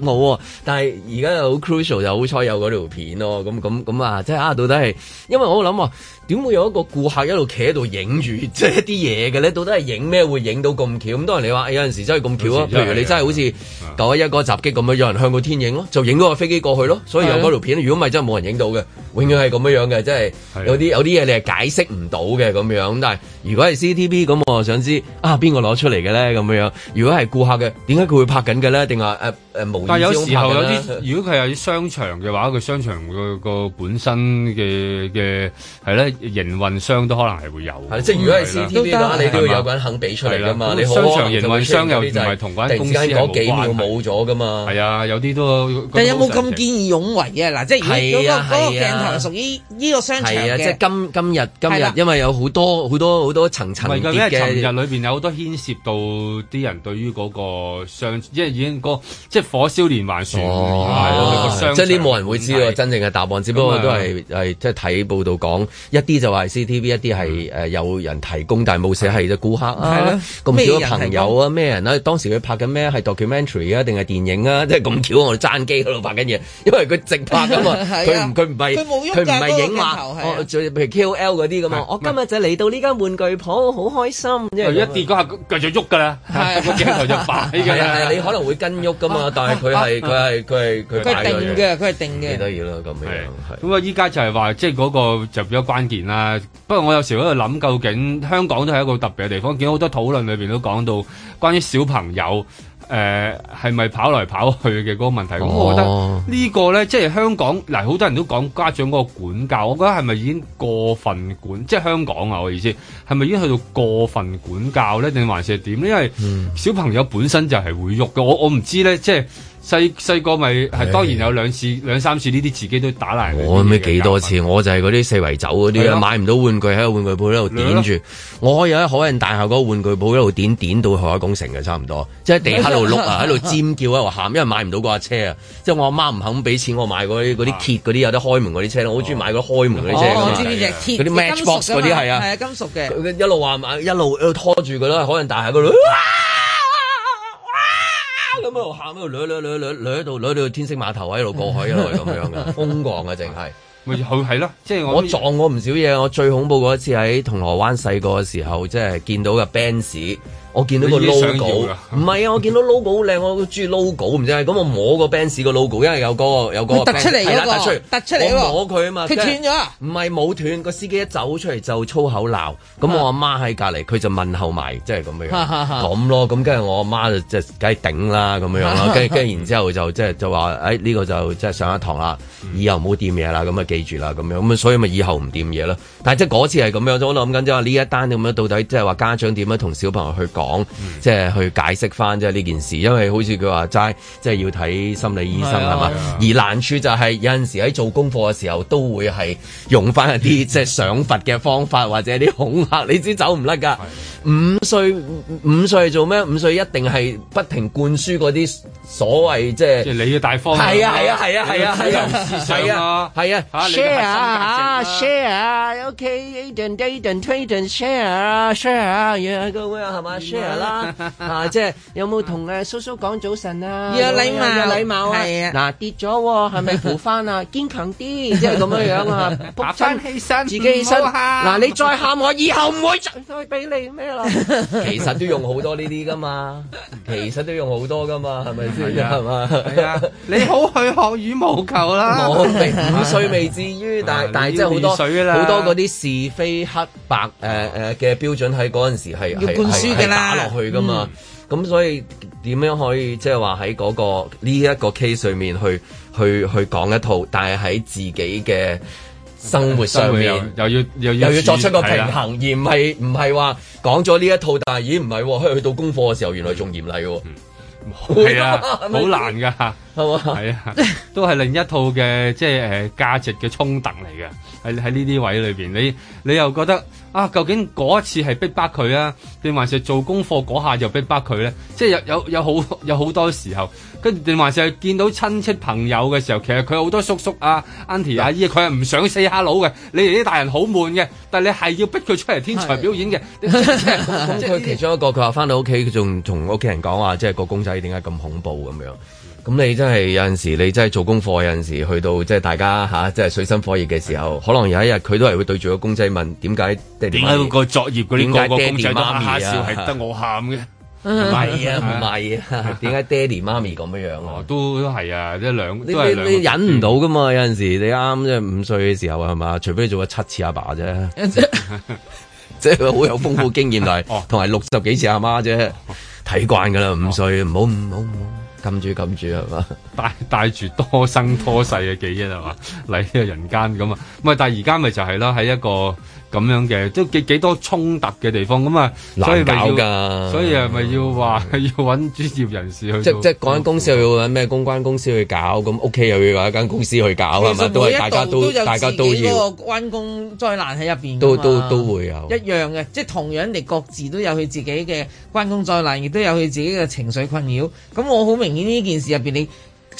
冇啊！啊 但係而家好 crucial，就好彩有嗰條片咯。咁咁咁啊，即係啊，到底係因為我諗啊。點會有一個顧客一路企喺度影住，即係一啲嘢嘅咧？到底係影咩會影到咁巧？咁當然你話、哎，有陣時真係咁巧啊。譬如你真係好似九一一嗰個襲擊咁樣，有人向個天影咯，就影到個飛機過去咯。所以有嗰條片。如果唔係真係冇人影到嘅，永遠係咁樣樣嘅，即係有啲有啲嘢你係解釋唔到嘅咁樣。但係如果係 CCTV 咁，我就想知啊邊個攞出嚟嘅咧咁樣。如果係顧客嘅，點解佢會拍緊嘅咧？定話誒誒無意之中拍嘅咧？但有時候有啲，如果佢喺商場嘅話，佢商場個，個本身嘅嘅係咧。營運商都可能係會有是，即係如果係私營你都要有一個人肯俾出嚟噶嘛。你商場營運商又唔係同嗰間公司冇關。突然間嗰幾秒冇咗噶嘛？係啊，有啲都。但有冇咁見義勇為呢啊？嗱、啊，即係嗰個嗰個鏡頭屬於呢個商場是啊，即係今今日今日，今日今日因為有好多好、啊、多好多層層疊嘅。因為昨日裏面有好多牽涉到啲人對於嗰個商、那個，即係已經個即係火燒連環船。哦，是啊、即係呢冇人會知道真正嘅答案是、啊，只不過都係係即係睇報道講啲就話 C T V 一啲係誒有人提供，嗯、但係冇寫係嘅顧客啊，咁少朋友啊，咩人，人啊？當時佢拍緊咩？係 documentary 啊，定係電影啊？即係咁巧，我哋揸機喺度拍緊嘢，因為佢直拍噶嘛，佢唔係佢唔係影嘛。譬、那個哦、如 K O L 嗰啲咁嘛。我今日就嚟到呢間玩具鋪，好開心。佢一跌嗰下繼續喐㗎啦，個鏡頭就擺。你可能會跟喐㗎嘛，但係佢係佢係佢係佢定嘅，佢係定嘅。幾得意咯咁嘅樣咁啊，依家、啊、就係話即係嗰個就咗較關。不過我有時喺度諗，究竟香港都係一個特別嘅地方，見到好多討論裏邊都講到關於小朋友誒係咪跑來跑去嘅嗰個問題咁。哦、我覺得呢個咧，即係香港嗱，好多人都講家長嗰個管教，我覺得係咪已經過分管？即係香港啊，我意思係咪已經去到過分管教咧？定還是點？因為小朋友本身就係會喐嘅，我我唔知咧，即係。細細個咪係，當然有兩次、兩三次呢啲自己都打爛。我唔知幾多次，我，我就係嗰啲四圍走嗰啲，買唔到玩具喺個玩具鋪喺度點住。我可以喺海印大廈嗰個玩具鋪一路點點到海港城嘅，差唔多。即係地下喺度碌啊，喺度尖叫啊，喺度喊，因為買唔到嗰架車啊。即係我阿媽唔肯俾錢我買嗰啲嗰啲鐵嗰啲有得開門嗰啲車，我好中意買嗰個開門嗰啲車。哦，知呢隻鐵嗰啲 matchbox 嗰啲係啊，係啊，金屬嘅。一路話一路拖住佢咯，海印大廈嗰度。喺度喊，喺度捋捋捋捋喺度捋到天色碼頭喺度過海一路咁樣嘅，瘋 風狂嘅淨係，好係咯，即係我撞過唔少嘢，我最恐怖嗰次喺銅鑼灣細個嘅時候，即係見到嘅 band 士。我見到個 logo，唔係啊！我見到 logo 好靚，我中意 logo，唔知係咁 我摸個 Benz 個 logo，因為有個有個突出嚟嘅、嗰個突出嚟嘅個摸佢啊嘛，佢斷咗，唔係冇斷。個司機一走出嚟就粗口鬧，咁、啊、我阿媽喺隔離，佢就問候埋，即係咁嘅樣咁 咯。咁跟住我阿媽就即係梗係頂啦，咁樣樣跟住跟住然之後就即係就話誒呢個就即係上一堂啦，以後唔好掂嘢啦，咁啊記住啦咁樣咁，所以咪以後唔掂嘢咯。但係即係嗰次係咁樣我諗緊即係話呢一單咁樣到底即係話家長點樣同小朋友去？講、嗯、即係去解釋翻即係呢件事，因為好似佢話齋，即係要睇心理醫生係嘛，而、啊、難處就係、是、有陣時喺做功課嘅時候都會係用翻一啲即係想罰嘅方法或者啲恐嚇，你知走唔甩噶。五歲五歲做咩？五歲一定係不停灌輸嗰啲所謂即係你要大方，係啊係啊係啊係啊係啊，是哎、是啊是啊是啊思想咯，係啊。啊啊啊啊啊 share 啊、okay，share，ok，一等一等，一等 share，share，yeah，good，well，好出嚟啦！啊，即係有冇同阿叔叔講早晨啊？有禮貌，有禮貌啊！嗱、啊啊啊，跌咗係咪扶翻啊？堅強啲，即係咁樣樣啊！爬翻起身，自己起身。嗱、啊，你再喊我，以後唔會再再俾你咩啦 其實都用好多呢啲噶嘛，其實都用好多噶嘛，係咪先？係嘛、啊？係啊， 你 啊，啊你、呃呃！你好去學羽毛球啦！我未五歲未至於， 但但係即係好多好多嗰啲是非黑白誒誒嘅標準喺嗰陣時係要灌輸嘅啦。打落去噶嘛？咁、嗯、所以點樣可以即係話喺嗰個呢一、這個 case 上面去去去講一套，但係喺自己嘅生活上面活又，又要又要，又要作出一個平衡，係而唔係唔係話講咗呢一套，但係咦唔係去去到功課嘅時候，原來仲嚴厲喎，係、嗯、啊，好 難噶吓，係嘛？係啊，都係另一套嘅即係誒價值嘅衝突嚟嘅，喺喺呢啲位裏邊，你你又覺得？啊，究竟嗰一次係逼迫佢啊，定還是做功課嗰下又逼迫佢咧？即係有有有好有好多時候，跟住定還是係見到親戚朋友嘅時候，其實佢好多叔叔啊、Auntie 阿姨，佢係唔想 say hello 嘅。你哋啲大人好悶嘅，但你係要逼佢出嚟天才表演嘅。 即係佢 其中一個，佢話翻到屋企，佢仲同屋企人講話，即係個公仔點解咁恐怖咁樣。咁你真係有陣時，你真係做功課有陣時，去到即係、就是、大家吓，即、啊、係、就是、水深火熱嘅時候，可能有一日佢都係會對住個公仔問：點解爹哋個作業嗰啲個個公仔都哈哈笑，係、啊、 得我喊嘅？唔 係啊，唔係啊，點解爹哋媽咪咁樣樣啊？ 哦、都都係啊，即係兩，你你忍唔到噶嘛？有陣時你啱即係五歲嘅時候係嘛？除非你做咗七次阿爸啫，即係好有豐富經驗嚟，同埋六十幾次阿媽啫，睇慣噶啦，五歲唔好唔好唔好。 禁住禁住係嘛，帶帶住多生多世嘅記憶係嘛嚟呢個人間咁啊，咁啊，但係而家咪就係咯，喺一個。咁樣嘅都幾幾多衝突嘅地方咁啊，難搞㗎，所以係咪要話要揾專業人士去，即即講緊公司又要揾咩公關公司去搞，咁屋企又要揾一間公司去搞係咪？都係大家都大家都有幾個關公災難喺入邊，都都都會有一樣嘅，即係同樣你各自都有佢自己嘅關公災難，亦都有佢自己嘅情緒困擾。咁我好明顯呢件事入邊你。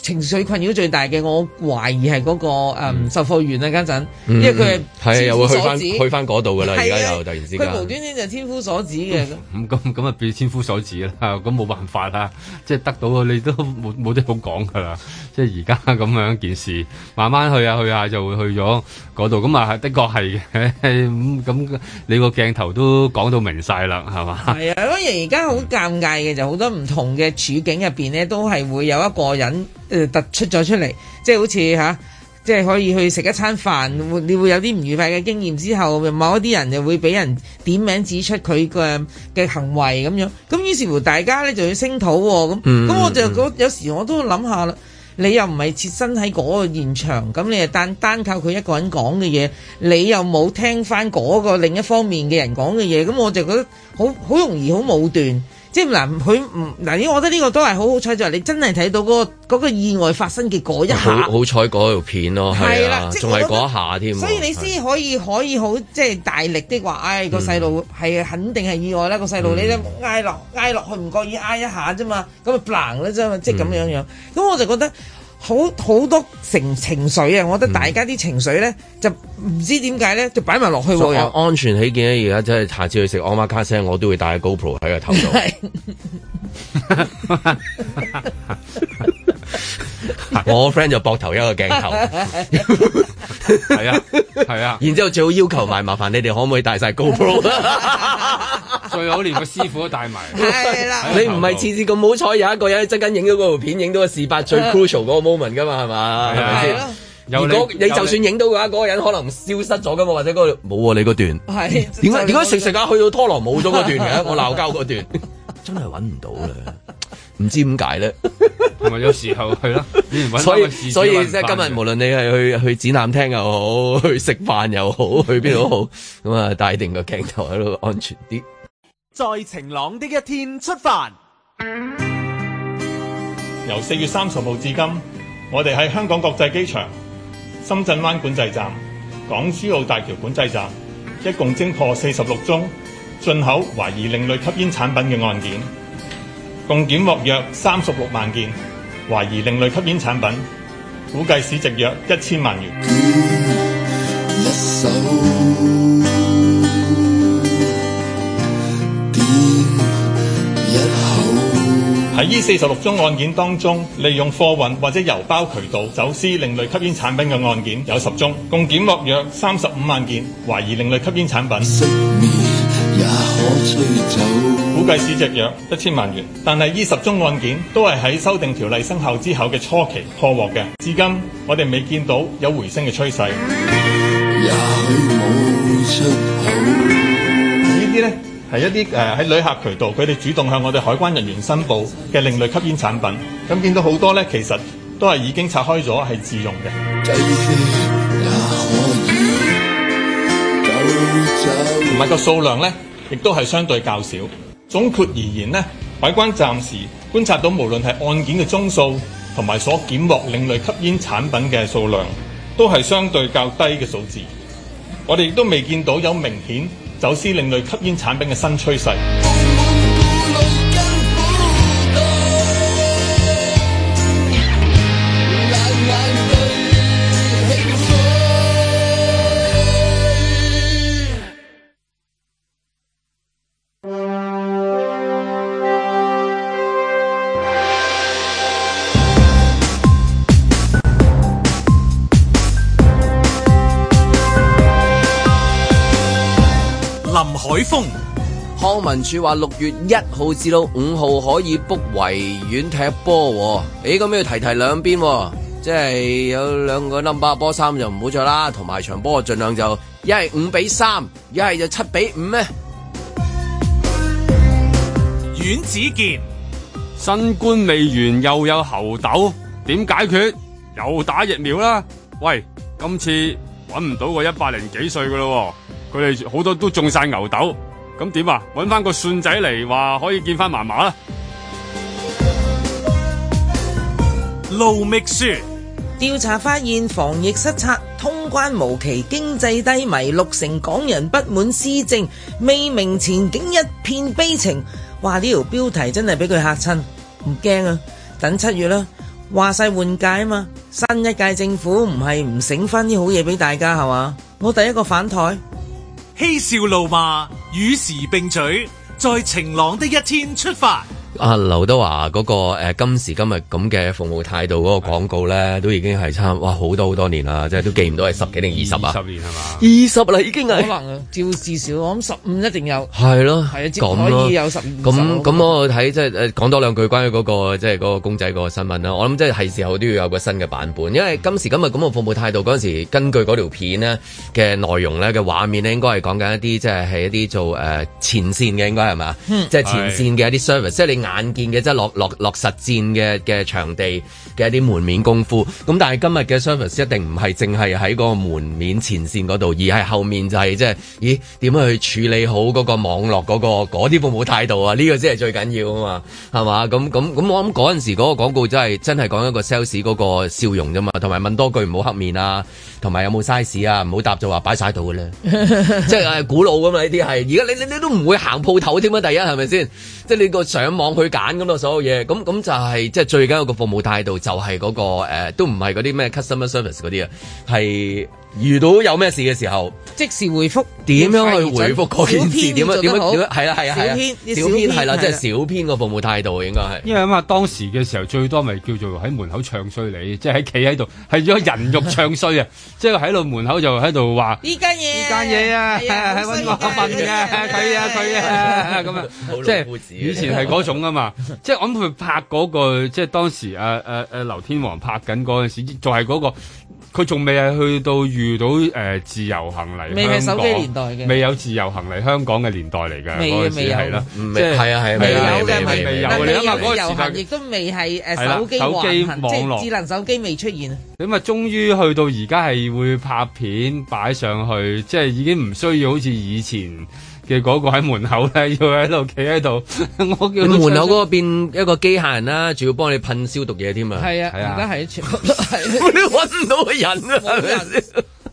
情緒困擾最大嘅，我懷疑係嗰、嗰個誒售貨員啊，家、嗯、陣、嗯嗯，因為佢係千夫所指，啊、去翻嗰度噶啦，而家、啊、又突然之間，佢無端端就千夫所指嘅。咁咁咁啊，變千夫所指啦。咁冇辦法啦，即係得到佢，你都冇冇得好講噶啦。即係而家咁樣一件事，慢慢去下、啊、去下、啊、就會去咗。嗰度咁啊，係的確係嘅，咁 你個鏡頭都講到明晒啦，係嘛？係啊，當然而家好尷尬嘅，就、嗯、好多唔同嘅處境入面咧，都係會有一個人突出咗出嚟，即係好似、啊、即係可以去食一餐飯，你會有啲唔愉快嘅經驗之後，某一啲人就會俾人點名指出佢嘅嘅行為咁樣，咁於是乎大家咧就要聲討喎，咁、嗯、咁、嗯嗯、我就覺得，有時我都諗下啦。你又唔係切身喺嗰個現場，咁你就單單靠佢一個人講嘅嘢，你又冇聽翻嗰個另一方面嘅人講嘅嘢，咁我就覺得好好容易好武斷。即係嗱，佢唔嗱，我覺得呢個都係好好彩，就係你真係睇到嗰、嗰個嗰、嗰個、意外發生嘅嗰，一下。好好彩嗰條片咯、啊，係啦、啊，仲係嗰一下添。所以你先可以可以好即係大力啲話，唉、嗯，個細路係肯定係意外啦，個細路你挨落挨落去唔覺意挨一下啫嘛，咁啊嘣啦啫嘛，即係咁樣樣。咁、嗯、我就覺得。好好多情情緒啊！我覺得大家啲情緒咧、嗯，就唔知點解咧，就擺埋落去喎。為安全起見咧，而家真係下次去食 omakase，我都會帶個 GoPro 喺個頭度。 我 friend 就膊頭一個鏡頭 是、啊，係啊係啊，然之後最好要求埋麻煩你哋可唔可以帶晒 GoPro 最好連個師傅都帶埋。 是啊、 你唔係次次咁好彩，有一個人即側影咗嗰條片，影到個事發最 crucial 嗰個 moment 噶嘛，係嘛、啊？係咯。如果你，那個、你，你就算影到嘅話，嗰、那個人可能消失咗噶嘛，或者嗰度冇你嗰段。係。點解點解食食下去到拖廊冇咗嗰段嘅，我鬧交嗰段， 段 真係揾唔到啦。唔知點解咧，同埋有時候係咯， 所以所以即係今日，無論你係去 去展覽廳又好，去食飯又好，去邊度都好，咁啊帶定個鏡頭喺度安全啲。在晴朗的一天出發，由四月三十號至今，我哋喺香港國際機場、深圳灣管制站、港珠澳大橋管制站，一共偵破四十六宗進口懷疑另類吸煙產品嘅案件。共檢獲約三十六萬件懷疑另類吸煙產品，估計市值約一千萬元。喺呢四十六宗案件當中，利用貨運或者郵包渠道走私另類吸煙產品嘅案件有十宗，共檢獲約三十五萬件懷疑另類吸煙產品。估計市值約一千萬元，但係呢十宗案件都係喺修訂條例生效之後嘅初期破獲嘅。至今我哋未見到有回升嘅趨勢。也冇出口。呢啲呢係一啲誒喺旅客渠道，佢哋主動向我哋海關人員申報嘅另類吸煙產品。咁見到好多呢，其實都係已經拆開咗係自用嘅。唔係個數量呢。亦都係相對較少。總括而言呢，海關暫時觀察到，無論係案件嘅宗數同埋所檢獲另類吸煙產品嘅數量，都係相對較低嘅數字。我哋亦都未見到有明顯走私另類吸煙產品嘅新趨勢。風康文署話六月一號至到五號可以 book 維園踢波喎。誒、欸、咁要提提兩邊，即係有兩個 number 波衫就唔好著啦，同埋場波盡量就一係五比三，一係就七比五咩？阮子健，新冠未完又有猴痘，點解決？又打疫苗啦。喂，今次搵唔到個一百零幾歲噶咯。佢哋好多都種晒牛豆，咁點啊？搵翻個孫仔嚟，話可以見翻嫲嫲啦。盧覓雪調查發現防疫失策，通關無期，經濟低迷，六成港人不滿施政，未明前景，一片悲情。哇！呢條標題真係俾佢嚇親，唔驚啊？等七月啦。話晒換屆啊嘛，新一屆政府唔係唔醒翻啲好嘢俾大家係嘛？我第一個反台。嬉笑怒罵，與時並舉，在晴朗的一天出發。啊，劉德華嗰、那個、呃、今時今日咁嘅服務態度嗰個廣告咧，都已經係差唔多哇好多好多年啦，即係都記唔到係十幾定二十啊！二十年係嘛？二十啦已經係，可能、啊、照至少我諗十五一定有。係咯，係啊，有十五十。咁咁，我睇即係講講多兩句關於嗰、那個即係嗰個公仔嗰個新聞啦。我諗即係係時候都要有個新嘅版本，因為今時今日咁嘅服務態度嗰陣時，根據嗰條片呢嘅內容咧嘅畫面咧，應該係講緊一啲即係係一啲做誒、呃、前線嘅應該係嘛、嗯？即係前線嘅一啲 service，即係你眼見嘅即係落落落實戰嘅嘅場地嘅一啲門面功夫，咁但係今日嘅 service 一定唔係淨係喺嗰個門面前線嗰度，而係後面就係即係，咦點樣去處理好嗰個網絡嗰個嗰啲服務態度啊？呢個先係最緊要啊嘛，係嘛？咁咁咁，我諗嗰陣時嗰個廣告真係真係講一個 sales 嗰個笑容啫嘛，同埋問多句唔好黑面啊，同埋有冇 size 啊，唔好答就話擺晒度嘅咧， 即係古老㗎嘛呢啲係，而家你你你都唔會行鋪頭添啊，第一係咪先？即係你個上網去揀咁咯，所有嘢咁咁就係、係、即係最緊要個服務態度就、嗰個，就係嗰個誒，都唔係嗰啲咩 customer service 嗰啲啊，係。遇到有咩事嘅時候，即時回覆，點樣去回覆嗰件事？點樣點樣點樣係啊，係啊，小啦、啊，小編係啦，即係小編個服務態度應該係。因為咁嘛，當時嘅時候最多咪叫做喺門口唱衰你，即係喺企喺度，係 人肉唱衰啊！即係喺度門口就喺度話呢間嘢呢間嘢啊，係溫佢啊佢啊咁啊，即係、啊啊啊 啊啊 就是、以前係嗰種噶嘛，即 係我諗佢拍、嗰個，即、就、係、是、當時誒誒誒劉天王拍緊陣時，就係、是嗰個佢仲未係去到。遇到誒、呃、自由行嚟，未係手機年代嘅，未有自由行嚟香港嘅年代嚟嘅，未未有啦，即係係啊係啊，未有嘅唔係，未有自由行，亦都未係誒手機網絡即係智能手機未出現。咁啊，終於去到而家係會拍片擺上去，即係已經唔需要好似以前。嘅嗰個喺門口咧，要喺度企喺度。我叫你門口嗰個變一個機械人啦、啊，仲要幫你噴消毒嘢添啊！係啊，而家係一撮，啊、 你揾唔到個人啊！冇人，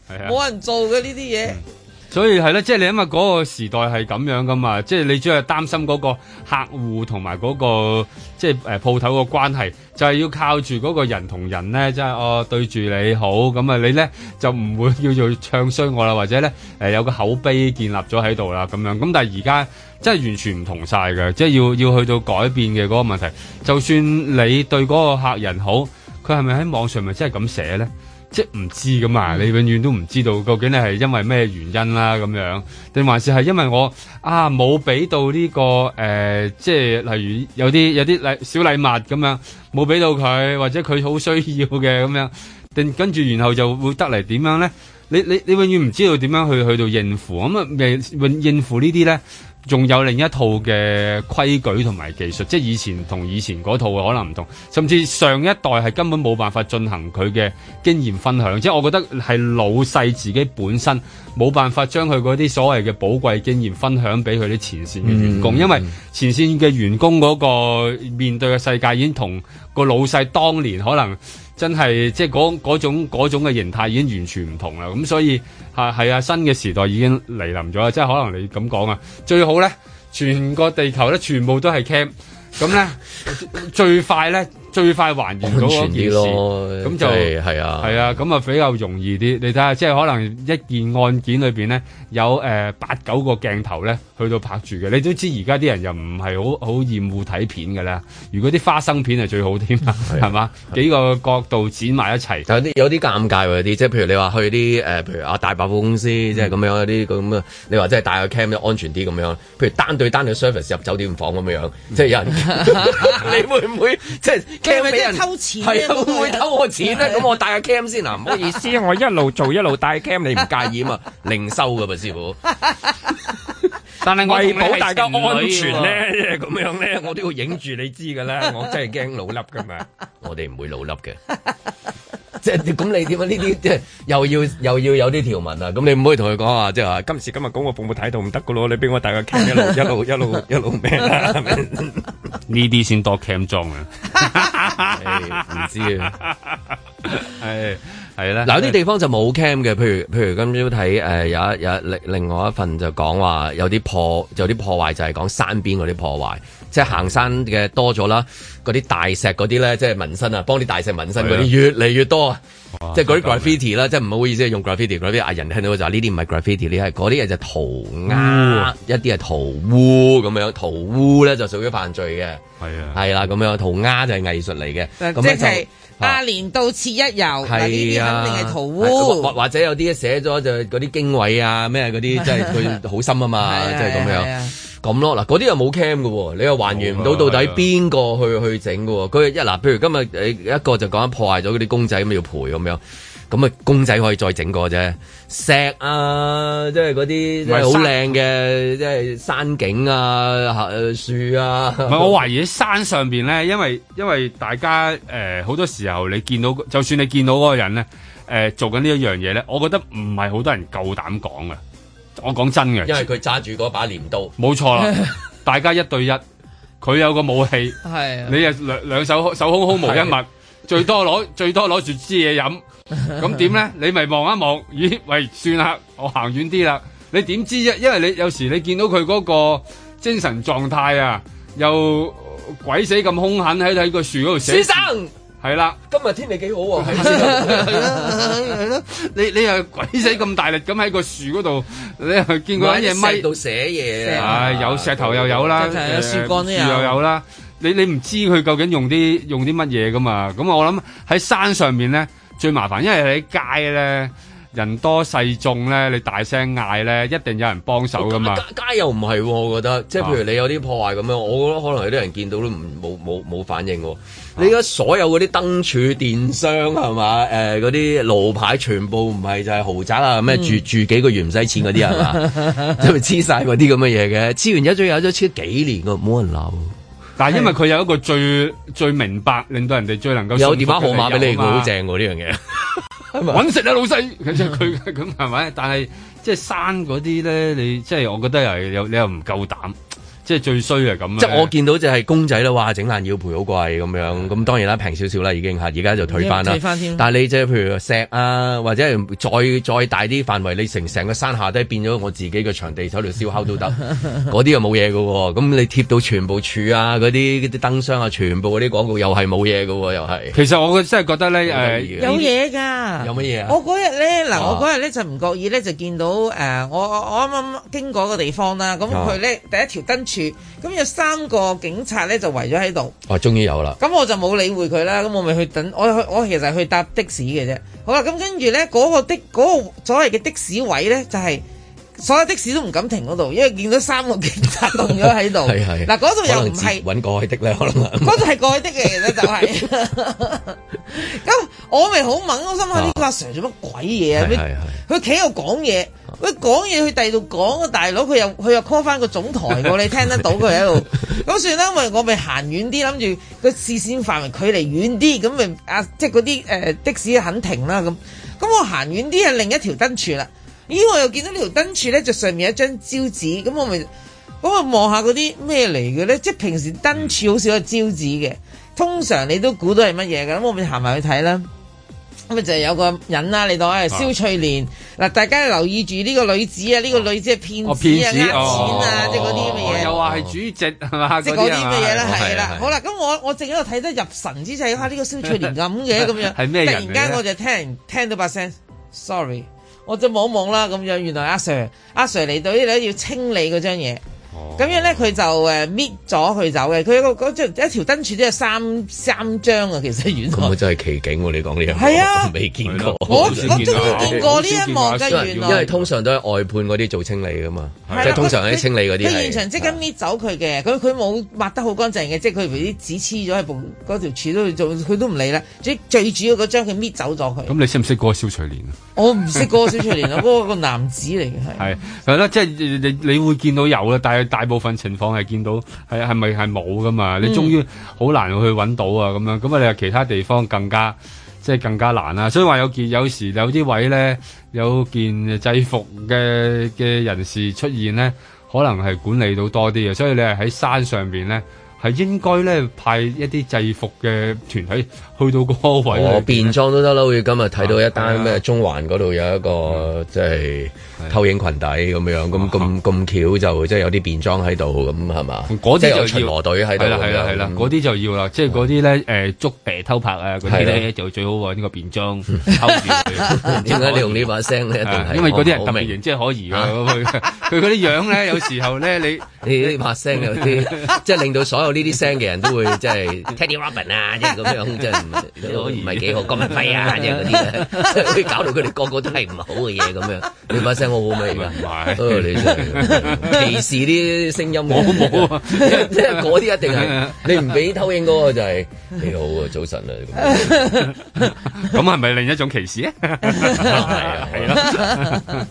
係啊，冇、啊、人做嘅呢啲嘢。所以係咧，即係你因為嗰個時代係咁樣噶嘛，即係你主要係擔心嗰個客戶同埋嗰個即係誒鋪頭嘅關係，就係要靠住嗰個人同人咧，即係哦對住你好，咁啊你咧就唔會叫做唱衰我啦，或者咧誒有個口碑建立咗喺度啦，咁樣。咁但係而家即係完全唔同晒嘅，即係要要去到改變嘅嗰個問題。就算你對嗰個客人好，佢係咪喺網上咪真係咁寫咧？即唔知㗎嘛，你永遠都唔知道究竟你係因為咩原因啦，咁樣定還是係因為我啊冇俾到呢、這個誒、呃，即係例如有啲有啲小禮物咁樣冇俾到佢，或者佢好需要嘅咁樣，定跟住然後就會得嚟點樣咧？你你你永遠唔知道點樣去去到應付咁啊、嗯，應應付呢啲咧。仲有另一套嘅規矩同埋技術，即係以前同以前嗰套可能唔同，甚至上一代係根本冇辦法進行佢嘅經驗分享。即係我覺得係老細自己本身冇辦法將佢嗰啲所謂嘅寶貴經驗分享俾佢啲前線嘅員工，嗯嗯嗯，因為前線嘅員工嗰個面對嘅世界已經同個老細當年可能。真係即係嗰嗰種嗰種嘅形態已經完全唔同啦，咁所以係係啊，啊，新嘅時代已經嚟臨咗啦，即係可能你咁講啊，最好咧，全個地球咧全部都係 camp，咁咧最快咧。最快還完嗰個件事，咁就係啊，係啊，咁啊比較容易啲。你睇下，即係可能一件案件裏面咧，有誒八九個鏡頭咧，去到拍住嘅。你都知而家啲人又唔係好好厭惡睇片嘅啦。如果啲花生片係最好添啊，係嘛、啊？幾個角度剪埋一齊，有啲有啲尷尬喎啲，即係譬如你話去啲誒、呃，譬如啊大爆破公司，即係咁樣嗰啲咁啊。你話即係帶個 cam 安全啲咁樣，譬如單對單對 service 入酒店房咁樣，即、就、係、是、有人， 你會唔會即係？就是驚俾人會唔會偷錢，係啊會唔會偷我錢咧？咁 我帶個 cam 先啊！唔好意思， 我一路做一路帶 cam，你唔介意吖嘛？另收噶嘛，師傅。 但係為 保大家安全咧，咁 樣咧，我都要影住你知噶啦。我真係驚老笠噶嘛。 我哋唔會老笠嘅。即咁，你點啊？呢啲即係又要又要有啲條文啊！咁你唔可以同佢講啊！即係話，今時今日講個服務態度唔得噶咯，你俾我帶個 cam 一路一路一路一路咩呢啲先多 cam 裝啊 哎？啊！唔知啊，係、哎、係啦。嗱、 哎、啲、哎、地方就冇 cam 嘅，譬如譬如今朝睇、呃、有一有另另外一份就講話有啲破有啲破壞，破壞就係講山邊嗰啲破壞。即係行山嘅多咗啦，嗰啲大石嗰啲咧，即係紋身啊，幫啲大石紋身嗰啲越嚟越多啊！即係嗰啲 graffiti 啦，即係唔好意思，用 graffiti 嗰啲。阿人聽到就話呢啲唔係 graffiti，呢係嗰啲嘢就塗鴉，一啲係塗污咁樣，塗污咧就屬於犯罪嘅，係啊，係啦、啊，咁樣塗鴉就係藝術嚟嘅，咁係八年到此一遊，係啊，定係塗污，或者有啲寫咗就嗰啲經緯啊咩嗰啲，即係佢好深啊嘛，即係咁樣。咁咯嗱，嗰啲又冇 cam 嘅喎，你又還原唔到到底邊個去、嗯嗯、去整㗎喎？佢一嗱，譬如今日一個就講緊破壞咗嗰啲公仔咁要賠咁樣，咁啊公仔可以再整個啫，石啊，即係嗰啲好靚嘅，即係、就是山，就是、山景啊、樹啊。唔係，我懷疑喺山上邊咧，因為因為大家誒好、呃、多時候你見到，就算你見到嗰個人咧、呃，做緊呢一樣嘢咧，我覺得唔係好多人夠膽講啊。我講真嘅，因為佢揸住嗰把鐮刀，冇錯啦。 大家一對一，佢有個武器，係 你啊兩兩手手空空無一物， 最多攞最多攞住支嘢飲。咁點咧？你咪望一望，咦？喂，算啦，我行遠啲啦。你點知？啫，因為你有時你見到佢嗰個精神狀態啊，又鬼死咁凶狠，喺喺個樹嗰度寫生係啦，今日天氣幾好喎！係咯，你你又鬼死咁大力咁喺個樹嗰度，你見佢搵嘢咪度寫嘢？係有石頭又有啦，有樹幹又有啦。你你唔知佢究竟用啲用啲乜嘢噶嘛？咁我諗喺山上面咧，最麻煩，因為喺街咧，人多勢眾咧，你大聲嗌咧，一定有人幫手噶嘛。街又唔係，我覺得即係譬如你有啲破壞咁樣，我覺得可能有啲人見到都唔冇冇冇反應。你而家所有嗰啲燈柱電箱係嘛？誒嗰啲路牌全部唔係就係、是、豪宅啊！咩住、嗯、住幾個月唔使錢嗰啲係嘛？都咪黐晒嗰啲咁嘅嘢嘅，黐完之後有咗黐幾年個冇人鬧。但係因為佢有一個最最明白，令到人哋最能夠有電話號碼俾你喎，好正喎呢樣嘢。搵 食啊，老細，其 樣佢咁係咪？但係即係生嗰啲咧，你即係我覺得有你又唔夠膽。即係最衰係咁，即係我見到就係公仔啦，嘩整爛要賠好貴咁樣，咁當然啦，平少少啦已經嚇，而家就退翻啦。但係你即係譬如石啊，或者係再再大啲範圍，你成成個山下底變咗我自己嘅場地，喺度燒烤都得。嗰 啲又冇嘢㗎喎，咁你貼到全部柱啊，嗰啲啲燈箱啊，全部嗰啲廣告又係冇嘢㗎喎，又係。其實我真係覺得咧有嘢㗎，有乜嘢啊？我嗰日咧嗱，我嗰日咧就唔覺意咧就見到、呃、我我啱啱經過個地方啦，咁佢咧第一條燈柱。咁有三個警察咧就圍咗喺度，我終於有啦，咁我就冇理會佢啦，咁我咪去等，我去我其實去搭的士嘅啫，好啦，咁跟住咧嗰個的嗰個所謂嘅的士位咧就係。所有的士都唔敢停嗰度，因為見到三個警察動咗喺度。係 係。嗱，嗰度又唔係揾過去的咧，我諗。嗰度係過去的嘅，其實 就係、是。咁 我咪好猛，心下呢個阿 Sir 做乜鬼嘢啊？佢企喺度講嘢，佢講嘢，佢第二度講啊，大佬，佢又佢又 call 翻個總台喎， 你聽得到佢喺度。咁 算啦，因為我咪行遠啲，諗住個視線範圍距離遠啲，咁咪啊，即係嗰啲誒的士肯停啦。咁咁我行遠啲係另一條燈柱啦。咦！我又見到呢條燈柱咧，就上面有一張招紙。咁、嗯、我咪咁啊望下嗰啲咩嚟嘅咧？即係平時燈柱好少有招紙嘅，通常你都估到係乜嘢嘅。咁我咪行埋去睇啦。咁、嗯、咪就係、是、有個人啦，你當係蕭翠蓮嗱。啊、大家留意住呢個女子啊，呢、這個女子係騙子啊，呃、啊哦、錢啊，哦、即係嗰啲咁嘅嘢。又話係主席係、啊、嘛？即係啲咁嘅嘢啦？係啦。好啦，咁我我正喺度睇得入神之際，嚇、這、呢個蕭翠蓮咁嘅咁樣，係 咩人突然間我就聽聽到把聲，sorry。我就望一望啦，咁樣原來阿 Sir 阿 Sir 嚟到呢度要清理嗰張嘢。咁樣咧，佢就誒搣咗佢走嘅。佢一個嗰條一條燈柱都有三三張啊，其實原來咁真係奇景喎、啊！你講呢樣幕，係啊，未見過，啊、我我都未見過呢一幕嘅、啊、原來，因為通常都係外判嗰啲做清理噶嘛，即係、啊就是、通常喺清理嗰啲係現場即刻搣走佢嘅。佢冇抹得好乾淨嘅，即係佢畀啲紙黐咗喺部嗰條柱度做，佢都唔理啦。最最主要嗰張佢搣走咗佢。咁、嗯、你識唔識個小翠蓮啊？我唔識個小翠蓮啊，嗰 個男子嚟嘅係係啦，即係、啊就是、你，你會見到有啦，但係。大部分情況係見到係係咪係冇㗎嘛？你終於好難去揾到啊！咁、嗯、樣咁啊，你其他地方更加即係更加難啦、啊。所以話有件有時有啲位咧，有件制服嘅嘅人士出現咧，可能係管理到多啲嘅。所以你係喺山上邊咧，係應該咧派一啲制服嘅團體。去到個位，我變裝都得啦。我今日睇到一單咩，中環嗰度有一個、嗯、即係偷影裙底咁樣，咁咁咁巧就即係有啲變裝喺度，咁係嘛？嗰、嗯、啲就要即巡邏隊係啦係啦，嗰啲、嗯、就要啦。即係嗰啲咧誒捉誒偷拍啊嗰啲咧就最好喎。呢個變裝偷影，點、嗯、解、就是、你用呢把聲咧？因為嗰啲人咁型，真、啊、係可疑㗎。佢佢嗰啲樣咧， 有時候咧你你呢、哎、把聲有啲， 即係令到所有呢啲聲嘅人都會即係 Teddy Robin 啊，即係咁樣 你唔係幾好，咁咪廢呀，即係嗰啲搞到佢哋個個都係唔好嘅嘢咁樣。你把聲我好咩而家，唔係，你、就係嗯、歧視啲聲音。我冇、啊，即係嗰啲一定係你唔俾偷影嗰個就係、係、幾好嘅早晨啊！咁係咪另一種歧視 啊？係啊，係咯。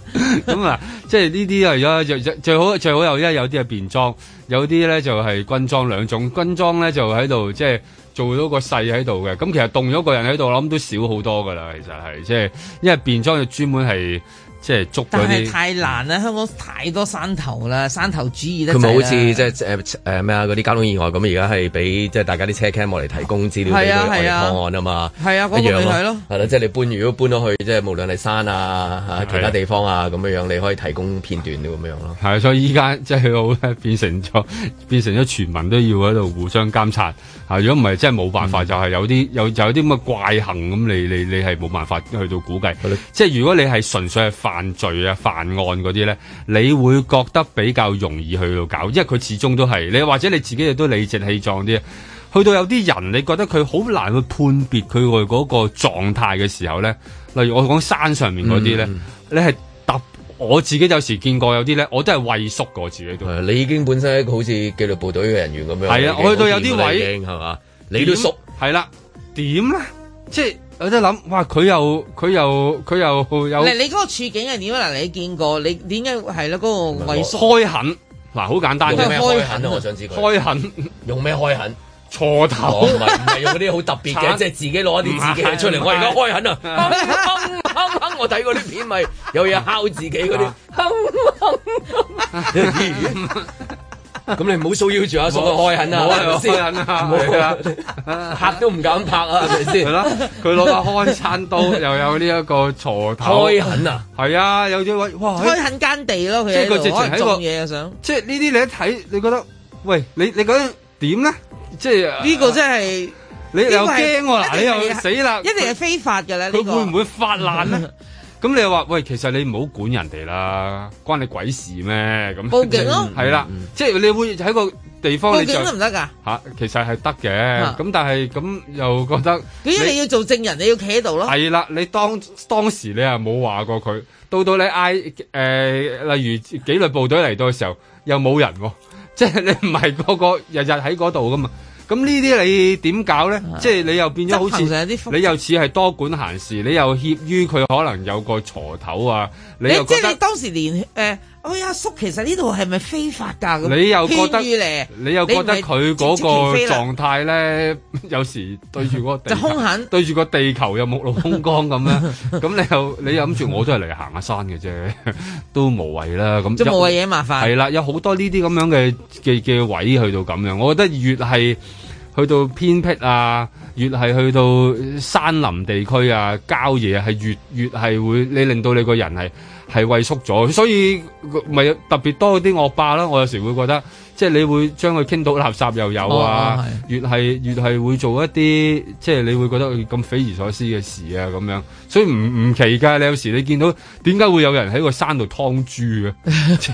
咁啊， 即係呢啲係最最好最好有一有啲係便裝，有啲咧就係軍裝兩種。軍裝咧就喺度即係。做到個勢喺度嘅，咁其實凍咗個人喺度，我諗都少好多噶啦。其實係，即係因為變裝就專門係。即係捉嗰啲，但係太難啦！香港太多山頭啦，山頭主義咧。佢唔好似即係誒誒咩啊？嗰啲交通意外咁，而家係俾即係大家啲車 cam 嚟提供資料俾佢，方案啊嘛，係啊、那個，一樣咯，係咯，即係你搬，如果搬咗去，即係無論係山啊，啊，啊其他地方啊咁樣樣，你可以提供片段咁樣樣咯。係、啊，所以依家即係咧，變成咗，變成咗全民都要喺度互相監察吓。如果唔係，真係冇辦法，嗯、就係、是、有啲有就有啲咁嘅怪行咁，你你你係冇辦法去到估計。即係如果你係純粹係犯罪啊，犯案嗰啲咧，你會覺得比較容易去到搞，因為佢始終都係你，或者你自己亦都理直氣壯啲。去到有啲人，你覺得佢好難去判別佢個嗰個狀態嘅時候咧，例如我講山上面嗰啲咧，你係特我自己有時見過有啲咧，我都係畏縮過自己都、啊。你已經本身一個好似紀律部隊嘅人員咁樣，係啊，我去到有啲畏，係嘛、啊，你都縮，係啦，點咧，即係。有啲諗，哇！佢又佢又佢又有，你嗰個處境係點啊？嗱，你見過你點解係咯？嗰個魏叔開痕嗱，好簡單嘅開痕。我想知佢開痕用咩開痕？錯頭唔係用嗰啲好特別嘅，即係自己攞啲自己出嚟。我而家開痕啊！我睇過啲片咪有嘢敲自己嗰啲。咁你唔好騷擾住啊！阿叔開墾啊，先唔好啊，拍都唔敢拍啊，係咪先？係啦，佢攞把開山刀，又有呢一個鋤頭。開墾啊，係啊，有啲位哇，開墾耕地咯，佢一路喺度種嘢啊，想。即係呢啲你一睇，你覺得，喂，你你覺得點咧？即係呢個真係，你又驚喎，你又死啦，一定係非法㗎啦，佢會唔會發爛咧？咁你又話喂，其實你唔好管人哋啦，關你鬼事咩？咁報警咯，係 啦、嗯嗯，即係你會喺個地方你，報警都唔得噶吓。其實係得嘅，咁、啊、但係咁又覺得，因為你要做證人，你要企喺度咯。係啦，你當當時你又冇話過佢，到到你嗌誒、呃，例如紀律部隊嚟到嘅時候， 又冇人、哦，即係你唔係個個日日喺嗰度噶嘛。咁呢啲你點搞咧？即係你又變咗好似，你又似係多管閒事，你又怯於佢可能有個鋤頭啊！你又覺得你即係你當時連、呃我、哎、阿叔，其實呢度係咪非法㗎？你又覺得你又覺得佢嗰個狀態咧，有時對住個地兇 狠，對住個地球又目露凶光咁樣咁 你又你諗住我都係嚟行下、啊、山嘅啫，都無謂啦。咁即冇嘢麻煩。係啦，有好多呢啲咁樣嘅嘅嘅位去到咁樣，我覺得越係去到偏僻啊，越係去到山林地區啊，郊野係越越係會你令到你個人係。係畏縮咗，所以咪特別多嗰啲惡霸啦。我有時會覺得。即係你會將佢傾到垃圾又有啊，哦、啊越係越係會做一啲即係你會覺得咁匪夷所思嘅事啊咁樣，所以唔唔奇㗎。你有時你見到點解會有人喺個山度劏豬啊？ 即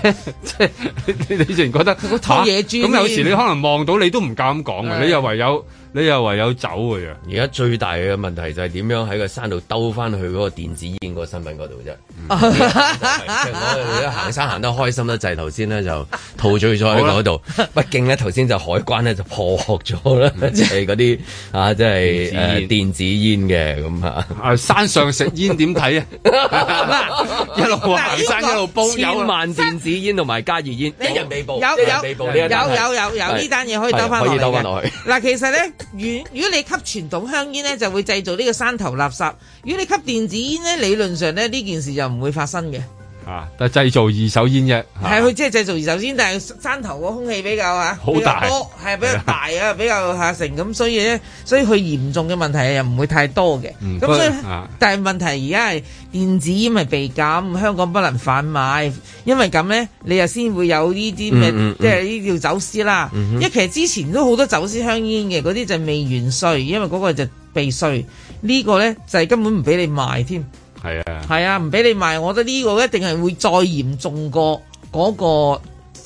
即係你淨覺得劏、那個、野豬？咁、啊、有時你可能望到你都唔敢咁講嘅，你又唯有你又唯有走嘅。而家最大嘅問題就係點樣喺個山度兜翻去嗰個電子煙個身份嗰度啫。即、嗯嗯、 我哋行山行得開心得滯，頭先咧就陶醉咗喺嗰度。畢竟咧，頭先就海關咧就破獲咗啦，即係嗰啲啊，即係誒電子煙嘅咁啊。啊，山上食煙點睇啊？ 麼看 一路行山一路煲，有萬電子煙同埋加熱煙，一人未報，有有有有有，呢單嘢，可以兜翻落去。嗱， 其實咧，如如果你吸傳統香煙咧，就會製造呢個山頭垃圾。如果你吸電子煙咧，理論上咧呢件事就唔會發生嘅。啊！但係製造二手煙嘅係佢，即係製造二手煙，但係山頭嘅空氣比較啊，好大，係比較大啊，比較下沉咁，所以咧，所以佢嚴重嘅問題又唔會太多嘅。咁、嗯、所以呢，但係、啊、問題而家係電子煙咪被禁，香港不能販賣，因為咁咧，你又先會有呢啲咩，即係呢叫走私啦、嗯。因為其實之前都好多走私香煙嘅，嗰啲就未完稅，因為嗰個就被稅。這個、呢個咧就係、是、根本唔俾你賣添。係啊，係啊，唔俾你賣，我覺得呢個一定係會再嚴重過嗰、嗰個誒、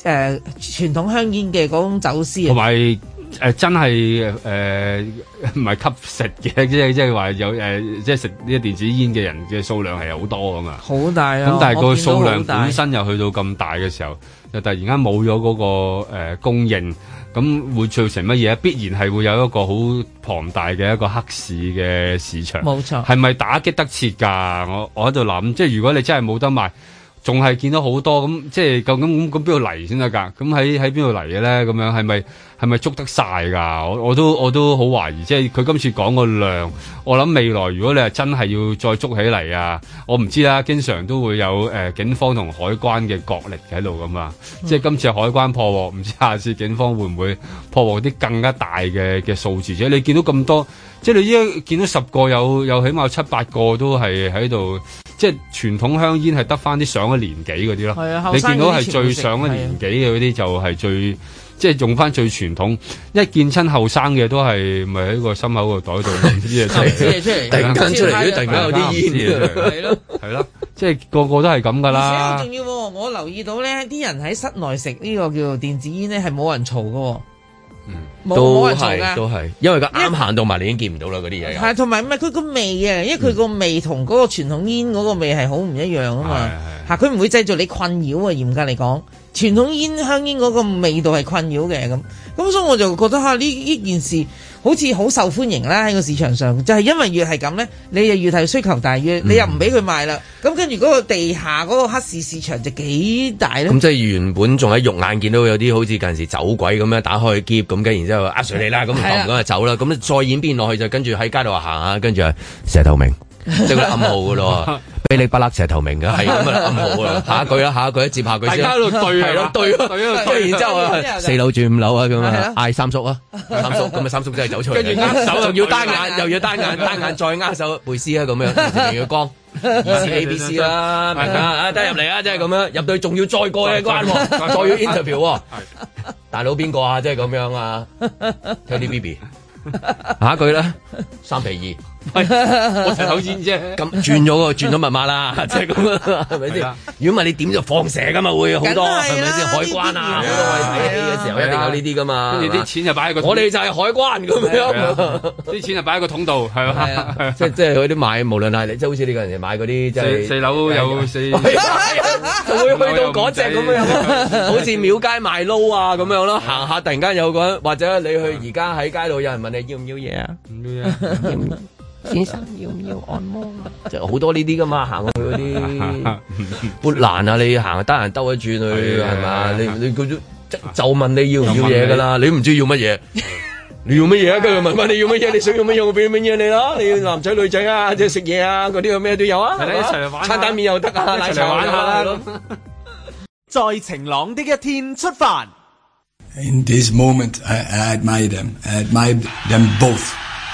呃、傳統香煙嘅嗰種走私同埋係真係誒唔係吸食嘅，即係即係話有誒即係食呢啲電子煙嘅人嘅數量係好多吖嘛，好大啊！咁但係個數量本身又去到咁大嘅時候，就突然間冇咗嗰個、呃、供應。咁會造成乜嘢？必然係會有一個好龐大嘅一個黑市嘅市場。冇錯，係咪打擊得切㗎？我我喺度諗，即係如果你真係冇得賣。仲係見到好多咁，即係究竟咁咁邊度嚟先得㗎？咁喺喺邊度嚟嘅咧？咁樣係咪係咪捉得晒㗎？我我都我都好懷疑。即係佢今次講個量，我諗未來如果你係真係要再捉起嚟啊，我唔知啦。經常都會有誒、呃、警方同海關嘅角力喺度咁啊。即係今次海關破獲，唔知下次警方會唔會破獲啲更加大嘅嘅數字？而且你見到咁多，即係你依家見到十個有，有有起碼有七八個都係喺度。即係傳統香煙係得翻啲上一年紀嗰啲咯，你見到係最上一年紀嘅嗰啲就係最即係用翻最傳統。一見親後生嘅都係咪喺個心口個袋度唔知嘢出嚟、啊，突然間有啲煙，係咯、啊，係咯，即係、啊啊啊啊就係、 個個都係咁㗎啦。而且仲要，我留意到咧，啲人喺室內食呢個叫做電子煙咧，係冇人嘈㗎。嗯，都係，都係，因為佢啱行到埋，你已經見唔到啦嗰啲嘢。係，同埋唔係佢個味啊，因為佢個味同嗰個傳統煙嗰個味係好唔一樣啊嘛。吓、嗯，佢、嗯、唔會製造你困擾啊，嚴格嚟講。傳統煙香煙嗰個味道係困擾嘅。咁，咁所以我就覺得吓，呢呢件事好似好受歡迎啦，喺個市場上，就係、是、因為越係咁咧，你又越係需求大，越你又唔俾佢賣啦。咁跟住嗰個地下嗰個黑市市場就幾大咧。咁、嗯嗯、即係原本仲喺肉眼見到有啲好似近時走鬼咁樣打開夾咁，跟然之後壓水你啦，咁就敢唔就走啦。咁、啊、再演變落去就跟住喺街度行下，跟住石頭明即係個暗號嘅咯。 俾你不甩成日透明嘅係咁啊，樣好啊， 下一句啦，下一句一接下句先。喺度對係咯，對對，對，對，對，對，然之後四樓轉五樓啊，咁樣嗌三叔啊，三叔，咁啊，三叔，三叔真係走出嚟。握手，仲要單眼，又要單眼，單眼再握手背詩啊，咁樣。仲要光，認識 A B C 啦，明 啊，得入嚟啊，即係咁樣入隊，仲要再過一關， 再要 interview。大佬邊個啊？即係咁樣啊？睇啲 BB，a y 下一句啦，三皮二。我就頭先啫，咁轉咗個轉咗密碼啦，即係咁樣，係咪先？如果問你點就放蛇噶嘛，會好多，係咪先？海關啊，嗰個位睇嘅時候一定有呢啲噶嘛。跟住啲錢就擺喺個，我哋就係海關咁樣，啲、啊啊啊、 錢就擺喺個桶度，係咯、啊，即係即係嗰啲買，無論係你人，即係好似你嗰陣時買嗰啲，即係四樓有四，就會去到嗰隻咁樣，好似廟街賣撈啊咁樣咯，行下突然間有個人，或者你去而家喺街度有人問你要唔要嘢啊？先生要唔要按摩啊？就 好多呢啲噶嘛， 啊、行去嗰啲砵蘭啊，你行得閒兜一轉去係嘛？你你佢就問你要唔要嘢噶啦，你唔知要乜嘢， 你要乜嘢啊？跟住問翻你要乜嘢，你想要乜用，我俾乜嘢你咯？你要男仔女仔啊，即係食嘢啊，嗰啲咩都有啊。嚟一齊玩，餐蛋麵又得啊，一齊玩下啦。在 晴朗的一天出發。In this moment, I, I admire them. I admire them both.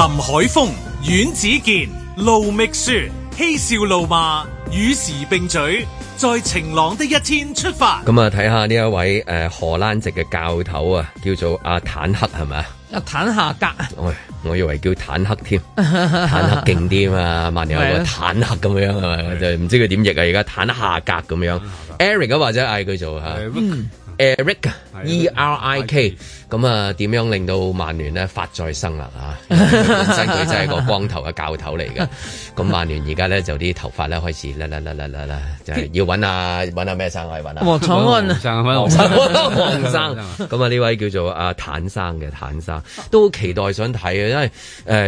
林海峰、阮子健、盧覓雪、嬉笑怒罵、與時並舉，在晴朗的一天出發。咁啊，睇下呢一位誒、呃、荷蘭籍嘅教頭啊，叫做阿、啊、坦克係咪？阿、啊、坦克下格，我、哎、我以為叫坦克添，坦克勁啲嘛，曼 聯有個坦克咁樣，係就唔知佢點譯啊，而家坦克下格咁樣，Eric、啊、或者嗌佢做、Eric 嗯 Eric E R I K，咁啊，點、啊、樣令到曼聯呢發再生啦、啊？嚇、啊，真佢係個光頭嘅教頭嚟嘅，咁曼聯而家咧就啲頭髮咧開始啦啦啦啦啦啦，就係、是、要搵啊搵啊咩生可以搵啊？黃生啊，黃生啊，黃生，咁啊呢位叫做阿坦生嘅，坦生都好期待想睇啊，因為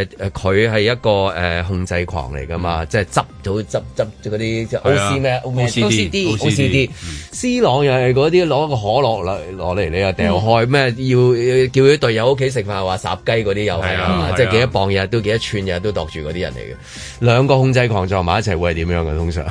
誒佢係一個誒控制狂嚟噶嘛，即係執到執執嗰啲 O C 咩 O C D O C D C 朗又係嗰啲攞個可。落嚟嚟，你又掉開咩？要叫佢啲隊友屋企食飯，話烚雞嗰啲又係啊！即係幾多磅日都幾多寸日都度住嗰啲人嚟嘅。兩個控制狂撞埋一齊會係點樣嘅？通常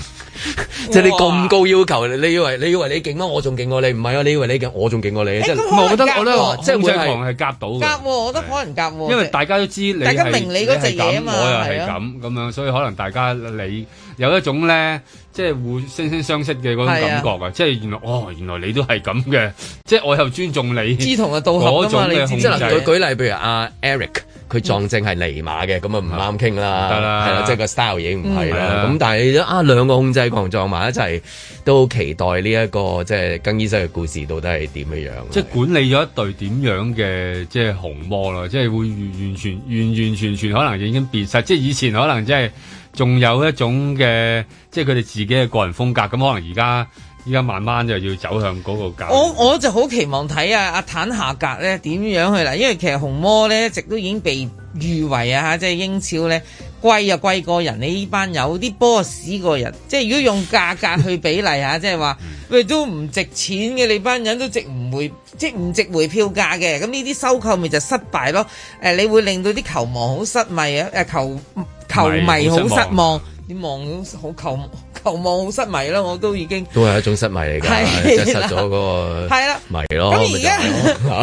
即係你咁高要求，你以為你以為你勁囉？我仲勁過你唔係啊！你以為你勁，我仲勁、欸、過你。我覺得我覺得控制狂係夾到夾、啊，我覺得可能夾、啊。因為大家都知你大家明你嗰隻嘢啊嘛，係啊，咁樣所以可能大家你。有一種咧，即係會惺惺相惜嘅嗰種感覺係啊！即係原來哦，原來你都係咁嘅，即係我又尊重你。志同啊道合㗎嘛，你即係即係舉例，譬如阿、啊、Eric，佢撞正係尼馬嘅，咁啊唔啱傾啦，係啦、啦，即係個 style 已經唔係啦。咁、嗯、但係啊兩個控制狂撞埋一齊，都好期待呢、這、一個即係更衣室嘅故事到底係點嘅樣？即係管理咗一隊點樣嘅即係紅魔啦，即係會完完全完完全全可能已經變晒即係以前可能即、就、係、是。仲有一種嘅，即係佢哋自己嘅個人風格咁，可能而家依家慢慢就要走向嗰個價。我我就好期望睇啊，阿坦下格咧點樣去啦？因為其實紅魔咧，一直都已經被譽為啊，即係英超咧貴啊貴過人，你呢班有啲波士過人。即係如果用價格去比例嚇、啊，即係話，喂都唔值錢嘅，你班人都值唔回，即唔值回票價嘅。咁呢啲收購咪就失敗咯。啊、你會令到啲球迷好失迷啊！球。球迷好失望，失望好球球望好失迷啦！我都已經都係一種失迷嚟㗎，即係失咗嗰個迷咯。咁而家，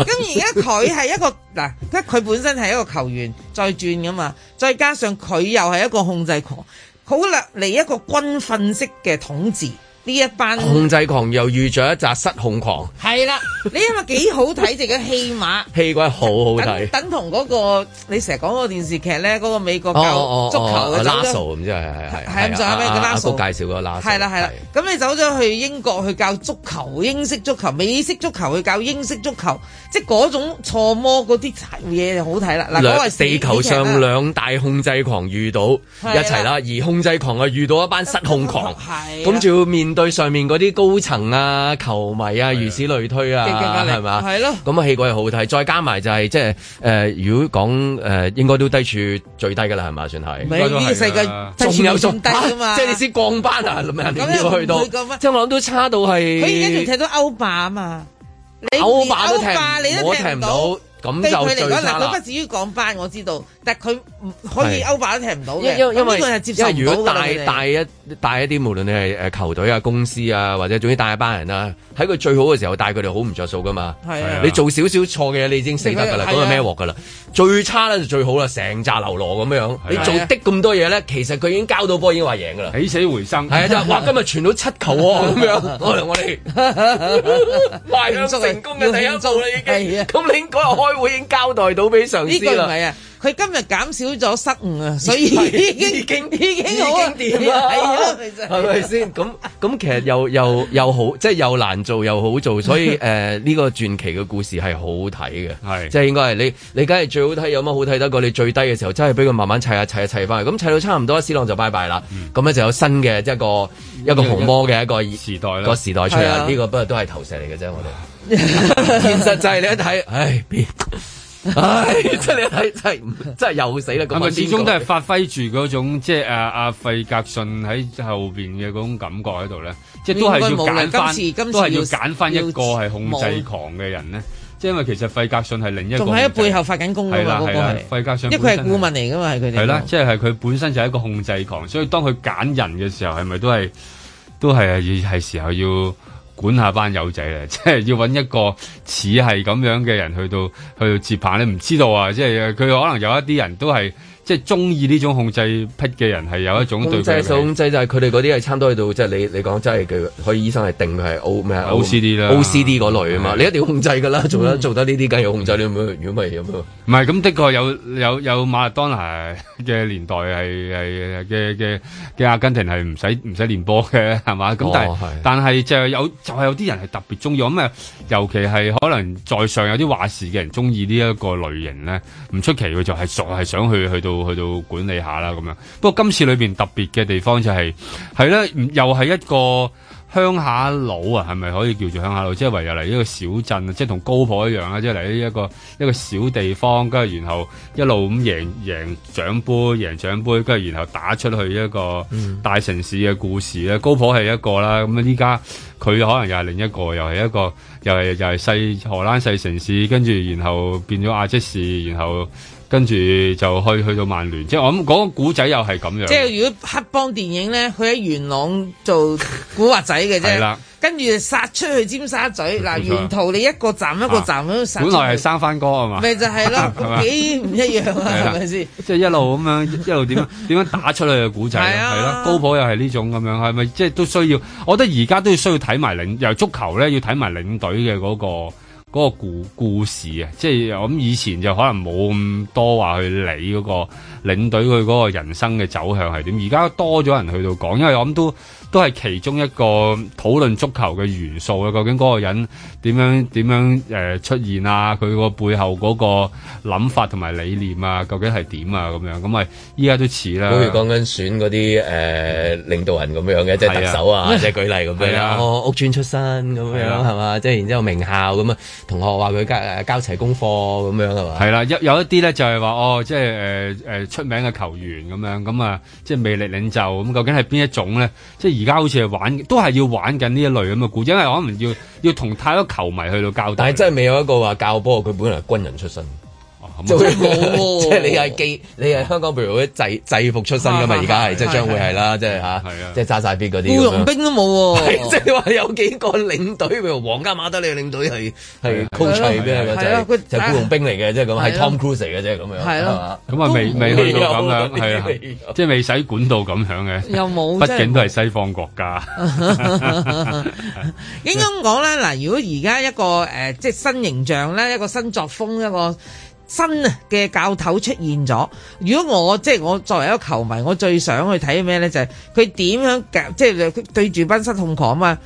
咁而家佢係一個，嗱，佢本身係一個球員再轉噶嘛，再加上佢又係一個控制狂，好啦，嚟一個軍訓式嘅統治。呢一班控制狂又遇咗一紮失控狂，係啦， 你係咪幾好睇？隻嘅戲碼，戲鬼好好睇，等同嗰、那個你成日講嗰個電視劇咧，嗰、那個美國教足球嘅拉索咁，即係係係咁仲有咩拉、啊啊、介紹個拉，係啦係啦，咁你走咗去英國去教足球英式足球、美式足球去教英式足球，即係嗰種錯摸嗰啲嘢就好睇啦。嗱、那個，地球上兩大、啊、大控制狂遇到一齊啦，而控制狂啊遇到一班失控狂，咁就要面。對上面嗰啲高層啊、球迷啊，如此類推啊，係嘛？係咯。咁啊，氣概好睇。再加埋就係即係誒，如果講誒、呃，應該都低處最低噶啦，係嘛？算係。呢個世界仲有仲低㗎嘛？即係你先降班啊！咁、啊、樣要去到，我諗都差到係。佢而家仲踢到歐霸啊嘛？歐霸都踢歐霸你都我踢唔到。咁佢嚟講，佢不至於講翻，我知道，但係佢可以歐霸都踢唔到嘅。呢個係接受。因為如果帶帶,帶一帶一啲，無論你係誒球隊啊、公司啊，或者總之帶一班人啦，喺佢最好嘅時候帶佢哋好唔着數噶嘛是是。你做少少錯嘅嘢，你已經死得㗎啦，嗰個孭鑊㗎啦？最差咧就最好啦，成扎流羅咁樣是是。你做的咁多嘢咧，其實佢已經交到波，已經話贏㗎啦。起死回生係啊！就話今日傳到七球喎、啊、咁 樣，我哋。我嚟，邁向成功嘅第一步啦， 已經。係 咁你應該又開。會已經交代到俾上司啦。呢句唔係啊，佢今日減少咗失誤啊，所以已經 已經已經,已經, 已經行啊，係咪先？咁咁其實又又 又好，即係又難做又好做，所以誒呢、呃這個傳奇嘅故事係好睇嘅，係即係應該係你你梗係最好睇，有乜好睇得過你最低嘅時候，真係俾佢慢慢砌啊砌啊砌翻去，咁砌到差唔多，C 朗就拜拜啦。咁咧就有新嘅一個一個紅魔嘅一個時代個時代出嚟，呢個不過都係投射嚟嘅啫，我哋。 現實就係你一睇，唉， 唉，即係、你一睇真係，真係又死啦！係咪始終都係發揮住嗰種即係阿阿費格遜喺後邊嘅嗰種感覺喺度咧？即係都係要揀翻，都係要揀翻一個係控制狂嘅人咧。即係因為其實費格遜係另一個，仲喺背後發緊功噶嘛？嗰、嗰個費格遜，因佢係顧問嚟噶嘛？係佢哋係啦，即係佢本身就係一個控制狂，所以當佢揀人嘅時候，係咪都係都係係時候要？管下班友仔咧，即係要揾一個似係咁樣嘅人去到去到接棒，你唔知道啊！即係佢可能有一啲人都係。即係中意呢種控制癖嘅人係有一種控制對佢嘅，控制就係佢哋嗰啲係差唔多喺度，即係，你你講真係佢可以醫生係定係 O 咩 OCD 啦 OCD 嗰類啊嘛，你一定要控制㗎啦、嗯做，做得做得呢啲梗係要控制你，嗯、如果唔係咁唔係咁的確有有有馬勒當拿嘅年代係係嘅嘅嘅阿根廷係唔使唔使練波嘅係嘛？咁但係、哦、但係就係有就係有啲人係特別中意咁尤其係可能在上有啲話事嘅人中意呢一個類型咧，唔出奇佢就係想去去到。去到管理下啦，咁樣。不過今次裏邊特別嘅地方就係、是，係咧，又係一個鄉下佬啊，係咪可以叫做鄉下佬？即係由嚟一個小鎮，即係同高普一樣啊，即係嚟於一個一個小地方，跟住然後一路咁贏贏獎杯，贏獎杯，跟住然後打出去一個大城市嘅故事咧、嗯。高普係一個啦，咁啊，依家佢可能又係另一個，又係一個，又係就係細荷蘭細城市，跟住然後變咗阿積士，然後。跟住就去去到曼聯，即係我諗講個古仔又係咁樣。即係如果黑幫電影咧，佢喺元朗做古惑仔嘅啫。係 啦，跟住殺出去尖沙咀，嗱、啊，沿途你一個站、啊、一個站殺。本來係生番哥啊嘛。咪就係咯， 幾唔一樣啊？係咪先？即係、就是、一路咁樣，一路點樣點 樣打出去嘅古仔，係啦。高普又係呢種咁樣，係咪？即、就、係、是、都需要，我覺得而家都要需要睇埋領，由足球咧要睇埋領隊嘅嗰個。嗰、那個故故事啊，即係我諗以前就可能冇咁多話去理嗰個領隊佢嗰個人生嘅走向係點，而家多咗人去到講，因為我諗都。都係其中一個討論足球嘅元素啊。究竟嗰個人點樣點樣誒、呃、出現啊？佢個背後嗰個諗法同埋理念啊，究竟係點啊？咁樣咁咪依家都似啦。好似講緊選嗰啲誒領導人咁樣嘅，即係特首啊，即係、啊、舉例咁樣。啊，哦、 屋屋邨出身咁樣係嘛？即係、啊啊、然之後名校咁啊，同學話佢交誒交齊功課咁樣係嘛？係啦、啊，有有一啲咧就係話哦，即係誒、呃、出名嘅球員咁樣咁啊，即係魅力領袖咁。究竟係邊一種咧？即而家好似係玩，都係要玩緊呢一類咁嘅故，因為可能要要同太多球迷去到交代， 但係真係未有一個話教波，佢本來係軍人出身。啊、就佢冇，即係、啊就是，你係記，你係香港譬如啲制制服出身噶嘛？而家係即係將會係啦，即係吓，即係揸晒邊嗰啲雇傭兵都冇、啊，即係話有幾個領隊，譬如皇家馬德里嘅領隊係係 coach 咩個、啊啊、就係雇傭兵嚟嘅，即係咁，係、啊、Tom Cruise 嘅，即係咁樣係咯，咁啊未未去到咁樣，即係未使管到咁樣嘅，又冇、啊，畢、啊啊啊、竟都係西方國家。應該講咧嗱，如果而家一個誒、呃，即係新形象咧，一個新作風，一個。新嘅教頭出現咗，如果我即係我作為一個球迷，我最想去睇咩呢？就係佢點樣即係對住班室同夥啊！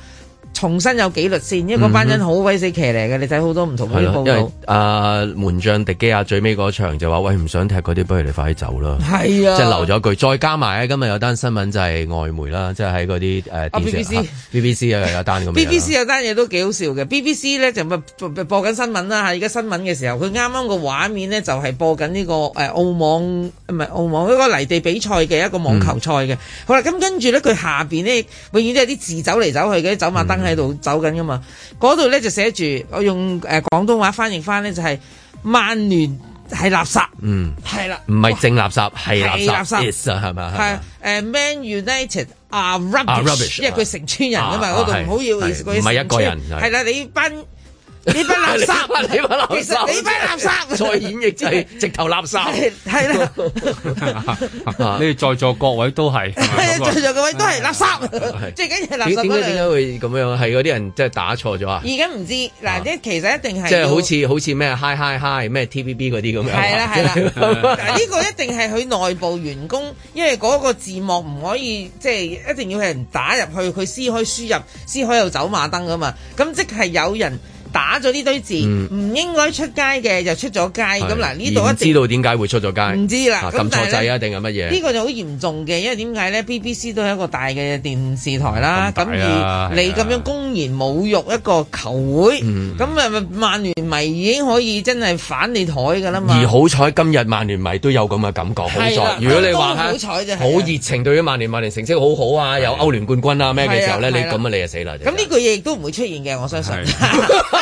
重新有紀律先，因為嗰班人好鬼死騎呢嘅，你睇好多唔同嘅報道，啊。因為阿、呃、門將迪基亞最尾嗰場就話：喂，唔想踢嗰啲，不如你快啲走啦。係啊，即係留咗句，再加埋咧。今日有單新聞就係外媒啦，即係喺嗰啲誒電視啊，BBC 有單咁 BBC 有單嘢都幾好笑嘅。BBC 咧就咪播緊新聞啦。而家新聞嘅時候，佢啱啱個畫面呢就係播緊呢、呢個誒、呃、澳網唔係澳網嗰個泥地比賽嘅一個網球賽嘅，嗯。好啦，咁跟住咧佢下邊呢永遠都有啲字走嚟走去嘅走馬燈，嗯。喺度 走緊噶嘛，嗰度咧就寫住，我用誒、呃、廣東話翻譯翻咧就係、是、曼聯係垃圾，嗯，係啦，唔係淨垃圾係垃圾，係垃圾，係咪啊？係啊，誒、uh, Man United are rubbish，are rubbish 因為佢成村人啊嘛，嗰度唔好要,要是，唔係一個人，係啦，你班。 呢班垃圾， 你班垃圾，你班垃圾 在演譯即係直頭垃圾係啦！ 你哋在座各位都係， 在座各位都係垃圾，最緊要垃圾。點解點解會咁樣？係嗰啲人真係打錯咗啊？而家唔知嗱，即其實一定係即係好似好似咩 hi hi hi 咩 TVB 嗰啲咁樣。係啦，係啦，嗱呢 個一定係佢內部員工，因為嗰個字幕唔可以即係、就是、一定要係唔打入去，佢先可以輸入，先可以又走馬燈㗎嘛。咁即係有人。打咗呢堆字，唔、嗯、應該出街嘅就出咗街。咁嗱呢度一知道點解會出咗街，唔知啦。咁、啊、撳錯掣啊，定係乜嘢？呢、呢個就好嚴重嘅，因為點解咧？BBC 都係一個大嘅電視台啦。咁、啊、而你咁樣公然侮辱一個球會，咁咪曼聯迷已經可以真係反你台噶啦嘛？而好彩今日曼聯迷都有咁嘅感覺，好彩。如果你話好、就是啊、熱情對於曼聯，曼聯成績好好啊，有歐聯冠軍啊咩嘅時候咧，你咁啊你就死啦！咁呢句嘢亦都唔會出現嘅，我相信。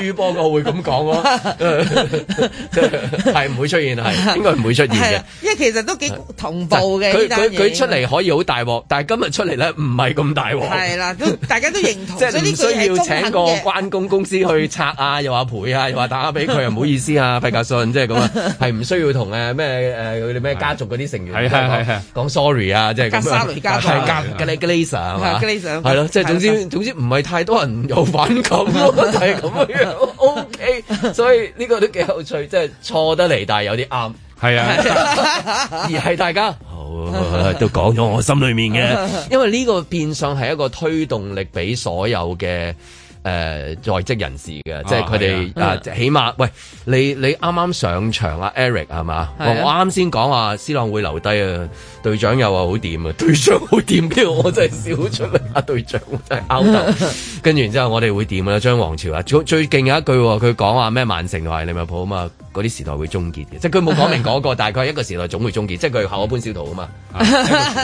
輸波我會咁講咯，係 唔 會出現係，應該唔會出現嘅，啊，因為其實都幾同步嘅，佢佢出嚟可以好大鑊，但係今日出嚟咧，唔係咁大鑊。係啦，啊，大家都認同，即係唔需要請個關公公司去拆啊，又話賠啊，又話打俾佢啊，唔 好意思啊，費格遜即係咁啊，係、就、唔、是、 需要同誒咩誒佢哋咩家族嗰啲成員講 sorry 啊，即係咁啊。加沙女加泰加 Galaxy 啊，係咯，即係總之總之唔係太多人有反感咯，係咁。 o、okay, K，所以呢個都幾有趣，即係錯得嚟，但係有啲啱，係啊， 而係大家好好都講咗我心裏面嘅， 因為呢個變相係一個推動力，俾所有嘅。誒、呃、在職人士嘅、啊，即係佢哋誒，起碼，喂你你啱啱上場 Eric，啊，Eric 係嘛？我啱先講話 C 朗會留低 啊，隊長又話好掂啊，隊長好掂，跟住我真係笑出嚟啊，隊長真係 out 跟住然之後我哋會掂啊張王朝啊，最最勁有一句，佢講話咩曼城同埋利物浦啊嘛。嗰啲時代會終結嘅，即係佢冇講明嗰個，大 概一個時代總會終結，即係佢後一搬小土啊嘛，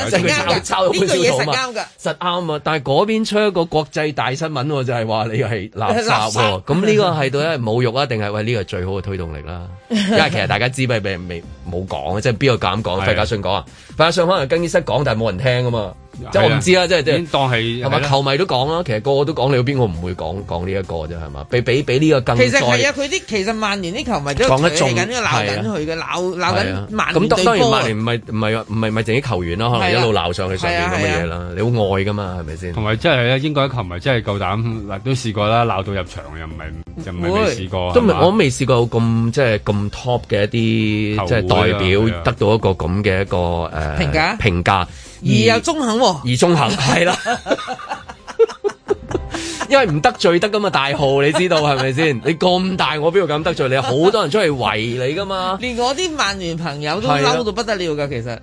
即係抄抄我小土啱啱啊！ 這個、但係嗰邊出一個國際大新聞，就係、是、話你係垃圾喎，咁呢個係到底係侮辱啊，定 係喂呢個最好嘅推動力啦？因 為其實大家知，但係未冇講，即係邊個敢講？費 嘉信講啊，費嘉信可能更衣室講，但係冇人聽啊嘛。即係我唔知啦，即係即係當係係嘛？球迷都講啦，其實個個都講，你邊個唔會講講呢一個啫？係嘛？比比比呢個更其實係啊！佢啲其實曼聯啲球迷都係鬧緊佢嘅，鬧鬧緊曼聯咁。當然曼聯唔係唔係唔係唔係淨啲球員啦，可能一路鬧上去上面咁嘅嘢啦。你好愛噶嘛？係咪先？同埋即係咧，英格蘭球迷真係夠膽嗱，都試過啦，鬧到入場又唔係又唔係未試過。都唔我未試過咁即係咁 top 嘅一啲即係代表得到一個咁嘅一個誒評價評價。而又中肯喎，而中肯係啦， 因為唔得罪得噶嘛大號，你知道係咪先？你咁大，我邊度咁得罪你？好多人出去圍你噶嘛，連我啲曼聯朋友都嬲到不得了噶。其實，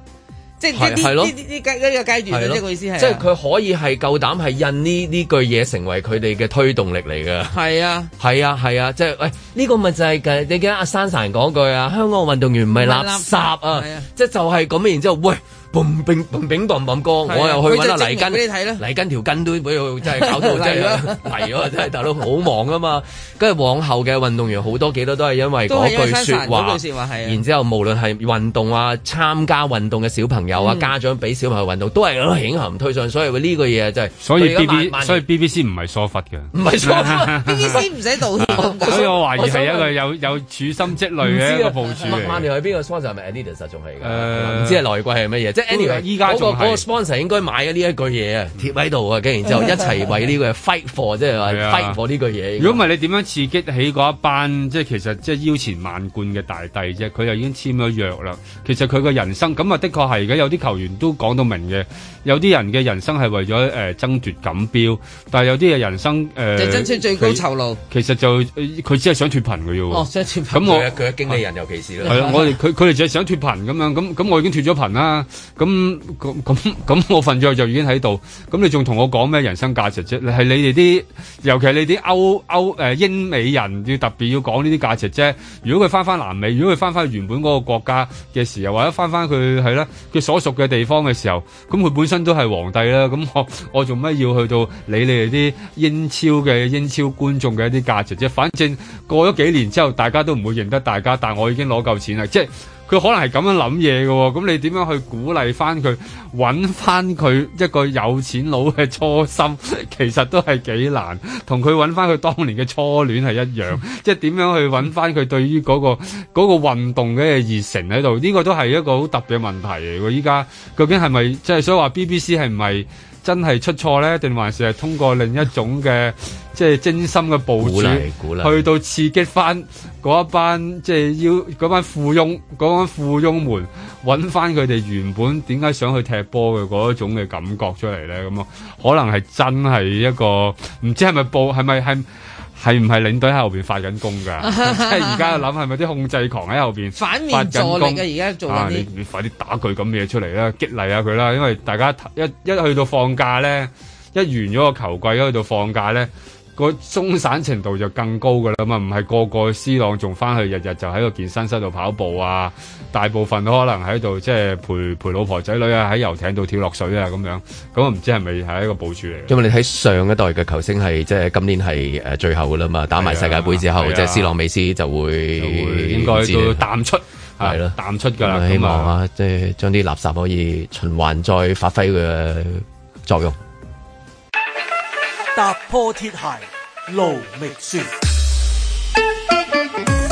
即係呢呢呢呢個階段啊，即係個意思係。即係佢可以係夠膽係印呢呢句嘢成為佢哋嘅推動力嚟㗎！係啊，係啊，係啊，即係喂，呢、哎這個咪就係、是、你你記得阿山神講句啊，香港運動員唔係垃，垃圾啊，即係、啊、就係、是、咁然之後喂。乒乒乒乒當乒我又去揾下黎根。你黎根條根都俾佢真係搞到真係黎啊！ 黎了笑真係大佬好忙啊嘛。跟住往後嘅運動員好多幾多都係因為嗰句説話，話。然之後無論係運動啊，嗯、參加運動嘅小朋友啊，家長俾小朋友運動都係影響退場，所以呢個嘢真係。所以 B B，所以 B B C 唔係疏忽嘅。唔係疏忽，B B C 唔使道歉。所以不不 不 我懷疑係一個有有處心積慮嘅。唔知曼聯邊個 sponsor 仲係唔知係內鬼係乜嘢？Anyway，而家嗰個嗰個 sponsor 應該買咗呢一句嘢啊，貼喺度啊，跟住之後就一齊為呢個 fight for，即係話 fight for 呢句嘢。如果唔係你點樣刺激起嗰一班？即係其實即係腰纏萬貫嘅大帝啫，佢又已經簽咗約啦。其實佢個人生咁啊，的確係而家有啲球員都講到明嘅。有啲人嘅人生係為咗誒、呃、爭奪錦標，但係有啲嘅人生誒、呃，就爭取最高酬勞。其實就佢、呃、只係想脫貧嘅啫。哦，想脫貧。咁我佢嘅、啊、經理人尤其是啦。係啊，啊 我哋佢佢哋就係想脫貧咁樣。咁咁我已經脫咗貧啦。咁咁咁我份著就已經喺度。咁你仲同我講咩人生價值啫？係你哋啲，尤其係你啲歐歐誒英美人要特別要講呢啲價值啫。如果佢翻翻南美，如果佢翻翻原本嗰個國家嘅時候，或者翻翻佢係啦，佢、啊、所屬嘅地方嘅時候，咁佢本身，都係皇帝啦，咁我我做咩要去到理你哋啲英超嘅英超觀眾嘅一啲價值啫？反正過咗幾年之後，大家都唔會認得大家，但我已經攞夠錢啦，即係。佢可能係咁樣諗嘢嘅喎，咁你點樣去鼓勵翻佢，揾翻佢一個有錢佬嘅初心，其實都係幾難，同佢揾翻佢當年嘅初戀係一樣，嗯、即係點樣去揾翻佢對於嗰個嗰個運動嘅熱誠喺度，呢個都係一個好特別嘅問題嚟喎。依家究竟係咪即係所以話 BBC 係唔係？真係出錯咧，定還是係通過另一種嘅即係精心嘅佈置，鼓勵，鼓勵，去到刺激翻嗰一班即係要嗰班富翁嗰班富翁們揾翻佢哋原本點解想去踢波嘅嗰一種嘅感覺出嚟咧？咁啊，可能係真係一個唔知係咪報係咪係唔係領隊喺後邊發緊功㗎？即係而家諗係咪啲控制狂喺後邊發緊功㗎？而家、 啊、做你、啊、你快啲打佢咁嘅嘢出嚟啦，激勵下佢啦！因為大家一一去到放假咧，一完咗個球季一去到放假咧。個鬆散程度就更高噶啦，咁唔係個個 C 朗仲翻去日日就喺個健身室度跑步啊，大部分都可能喺度即係陪陪老婆仔女遊啊，喺遊艇度跳落水啊咁樣，咁啊唔知係咪係一個部署嚟？因為你睇上一代嘅球星係即係今年係誒最後噶啦嘛，打埋世界杯之後，啊啊、即係 C 朗美斯就會，就會應該都淡出係咯、啊，淡出噶啦。就是、希望啊，即係將啲垃圾可以循環再發揮嘅作用。踏破鐵鞋路未絕。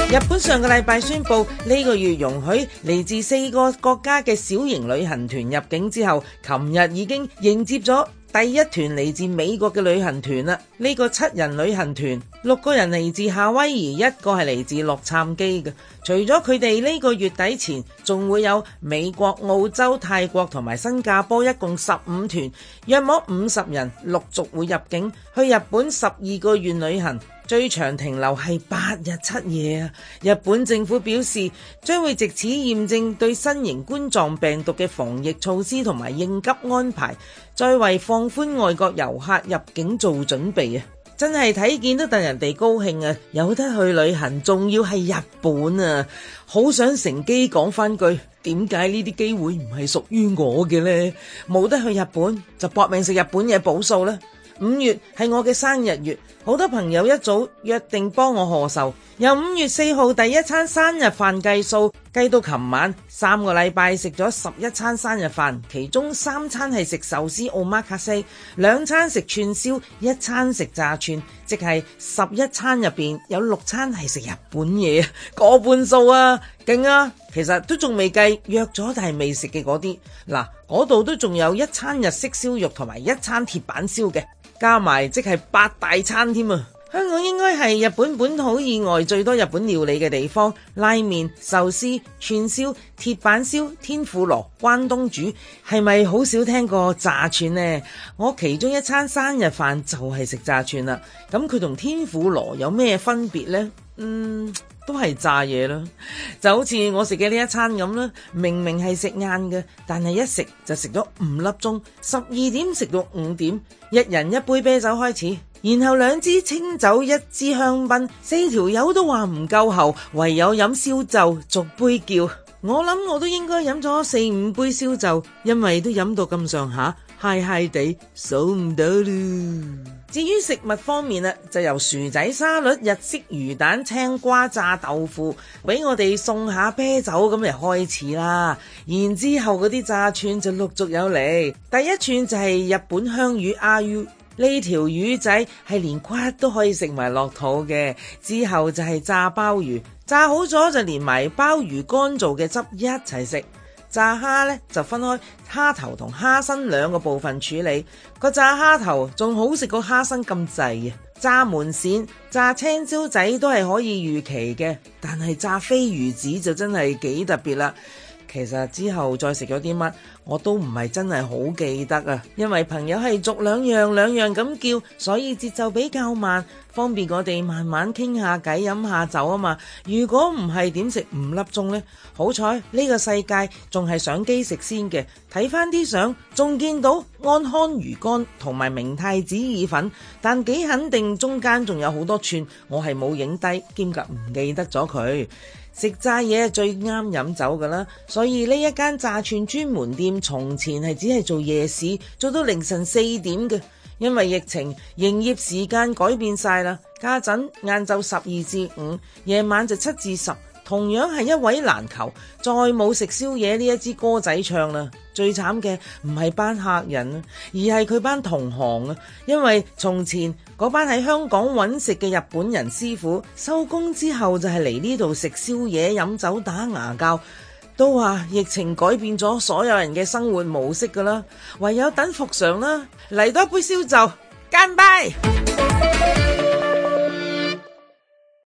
日本上個禮拜宣布呢個月容許嚟自四個國家嘅小型旅行團入境之後，琴日已經迎接咗。第一團嚟自美國嘅旅行團啦，呢個七人旅行團，六個人嚟自夏威夷，一個係嚟自洛杉磯嘅。除咗佢哋呢個月底前，仲會有美國、澳洲、泰國同埋新加坡，一共十五團，約摸五十人陸續會入境去日本十二個月旅行，最長停留係八日七夜啊！日本政府表示將會藉此驗證對新型冠狀病毒嘅防疫措施同埋應急安排。再為放寬外國遊客入境做準備啊！真係睇見都等人哋高興啊！有得去旅行，仲要係日本啊！好想乘機講翻句，點解呢啲機會唔係屬於我嘅呢？冇得去日本就搏命食日本嘢補數啦！五月係我嘅生日月，好多朋友一早約定幫我賀壽，由五月四號第一餐生日飯計數。計到琴晚三個禮拜食咗十一餐生日飯，其中三餐係食壽司奧瑪卡西，兩餐食串燒，一餐食炸串，即係十一餐入邊有六餐係食日本嘢， 過半數啊，勁啊！其實都仲未計約咗但係未食嘅嗰啲，嗱，嗰度都仲有一餐日式燒肉同埋一餐鐵板燒嘅，加埋即係八大餐添啊！香港應該係日本本土以外最多日本料理嘅地方，拉麵、壽司、串燒、鐵板燒、天婦羅、關東煮，係咪好少聽過炸串呢？我其中一餐生日飯就係食炸串啦。咁佢同天婦羅有咩分別呢？嗯，都係炸嘢啦，就好似我食嘅呢一餐咁啦。明明係食晏嘅，但係一食就食咗五粒鐘，十二點食到五點，一人一杯啤酒開始。然後兩支清酒，一支香檳，四條友都話唔夠喉，唯有飲燒酒逐杯叫。我諗我都應該飲咗四五杯燒酒，因為都飲到咁上下，嗨嗨地數唔到啦。至於食物方面啦，就由薯仔沙律、日式魚蛋、青瓜炸豆腐，俾我哋送下啤酒咁就開始啦。然之後嗰啲炸串就陸續有嚟，第一串就係日本香魚阿 U。呢條魚仔係連骨都可以食埋落肚嘅，之後就係炸鮑魚，炸好咗就連埋鮑魚乾做嘅汁一齊食。炸蝦呢，就分開蝦頭同蝦身兩個部分處理，個炸蝦頭仲好食過蝦身咁滯。炸門鱔、炸青椒仔都係可以預期嘅，但係炸飛魚子就真係幾特別啦。其實之後再食咗啲乜，我都唔係真係好記得啊，因為朋友係逐兩樣兩樣咁叫，所以節奏比較慢，方便我哋慢慢傾下偈、飲下酒啊嘛。如果唔係點食五粒鐘呢？好彩呢個世界仲係相機食先嘅，睇翻啲相仲見到安康魚乾同埋明太子意粉，但幾肯定中間仲有好多串，我係冇影低，兼及唔記得咗佢。食炸嘢最啱飲酒㗎啦，所以呢一間炸串專門店從前係只係做夜市，做到凌晨四點嘅。因為疫情，營業時間改變晒啦，家陣晏晝十二至五，夜晚就七至十。同樣係一位難求，再冇食宵夜呢一支歌仔唱啦。最慘嘅唔係班客人，而係佢班同行啊，因為從前。嗰班喺香港揾食嘅日本人師傅收工之後就係嚟呢度食宵夜、飲酒、打牙骹，都話疫情改變咗所有人嘅生活模式㗎啦，唯有等復常啦！嚟多一杯燒酒，乾杯！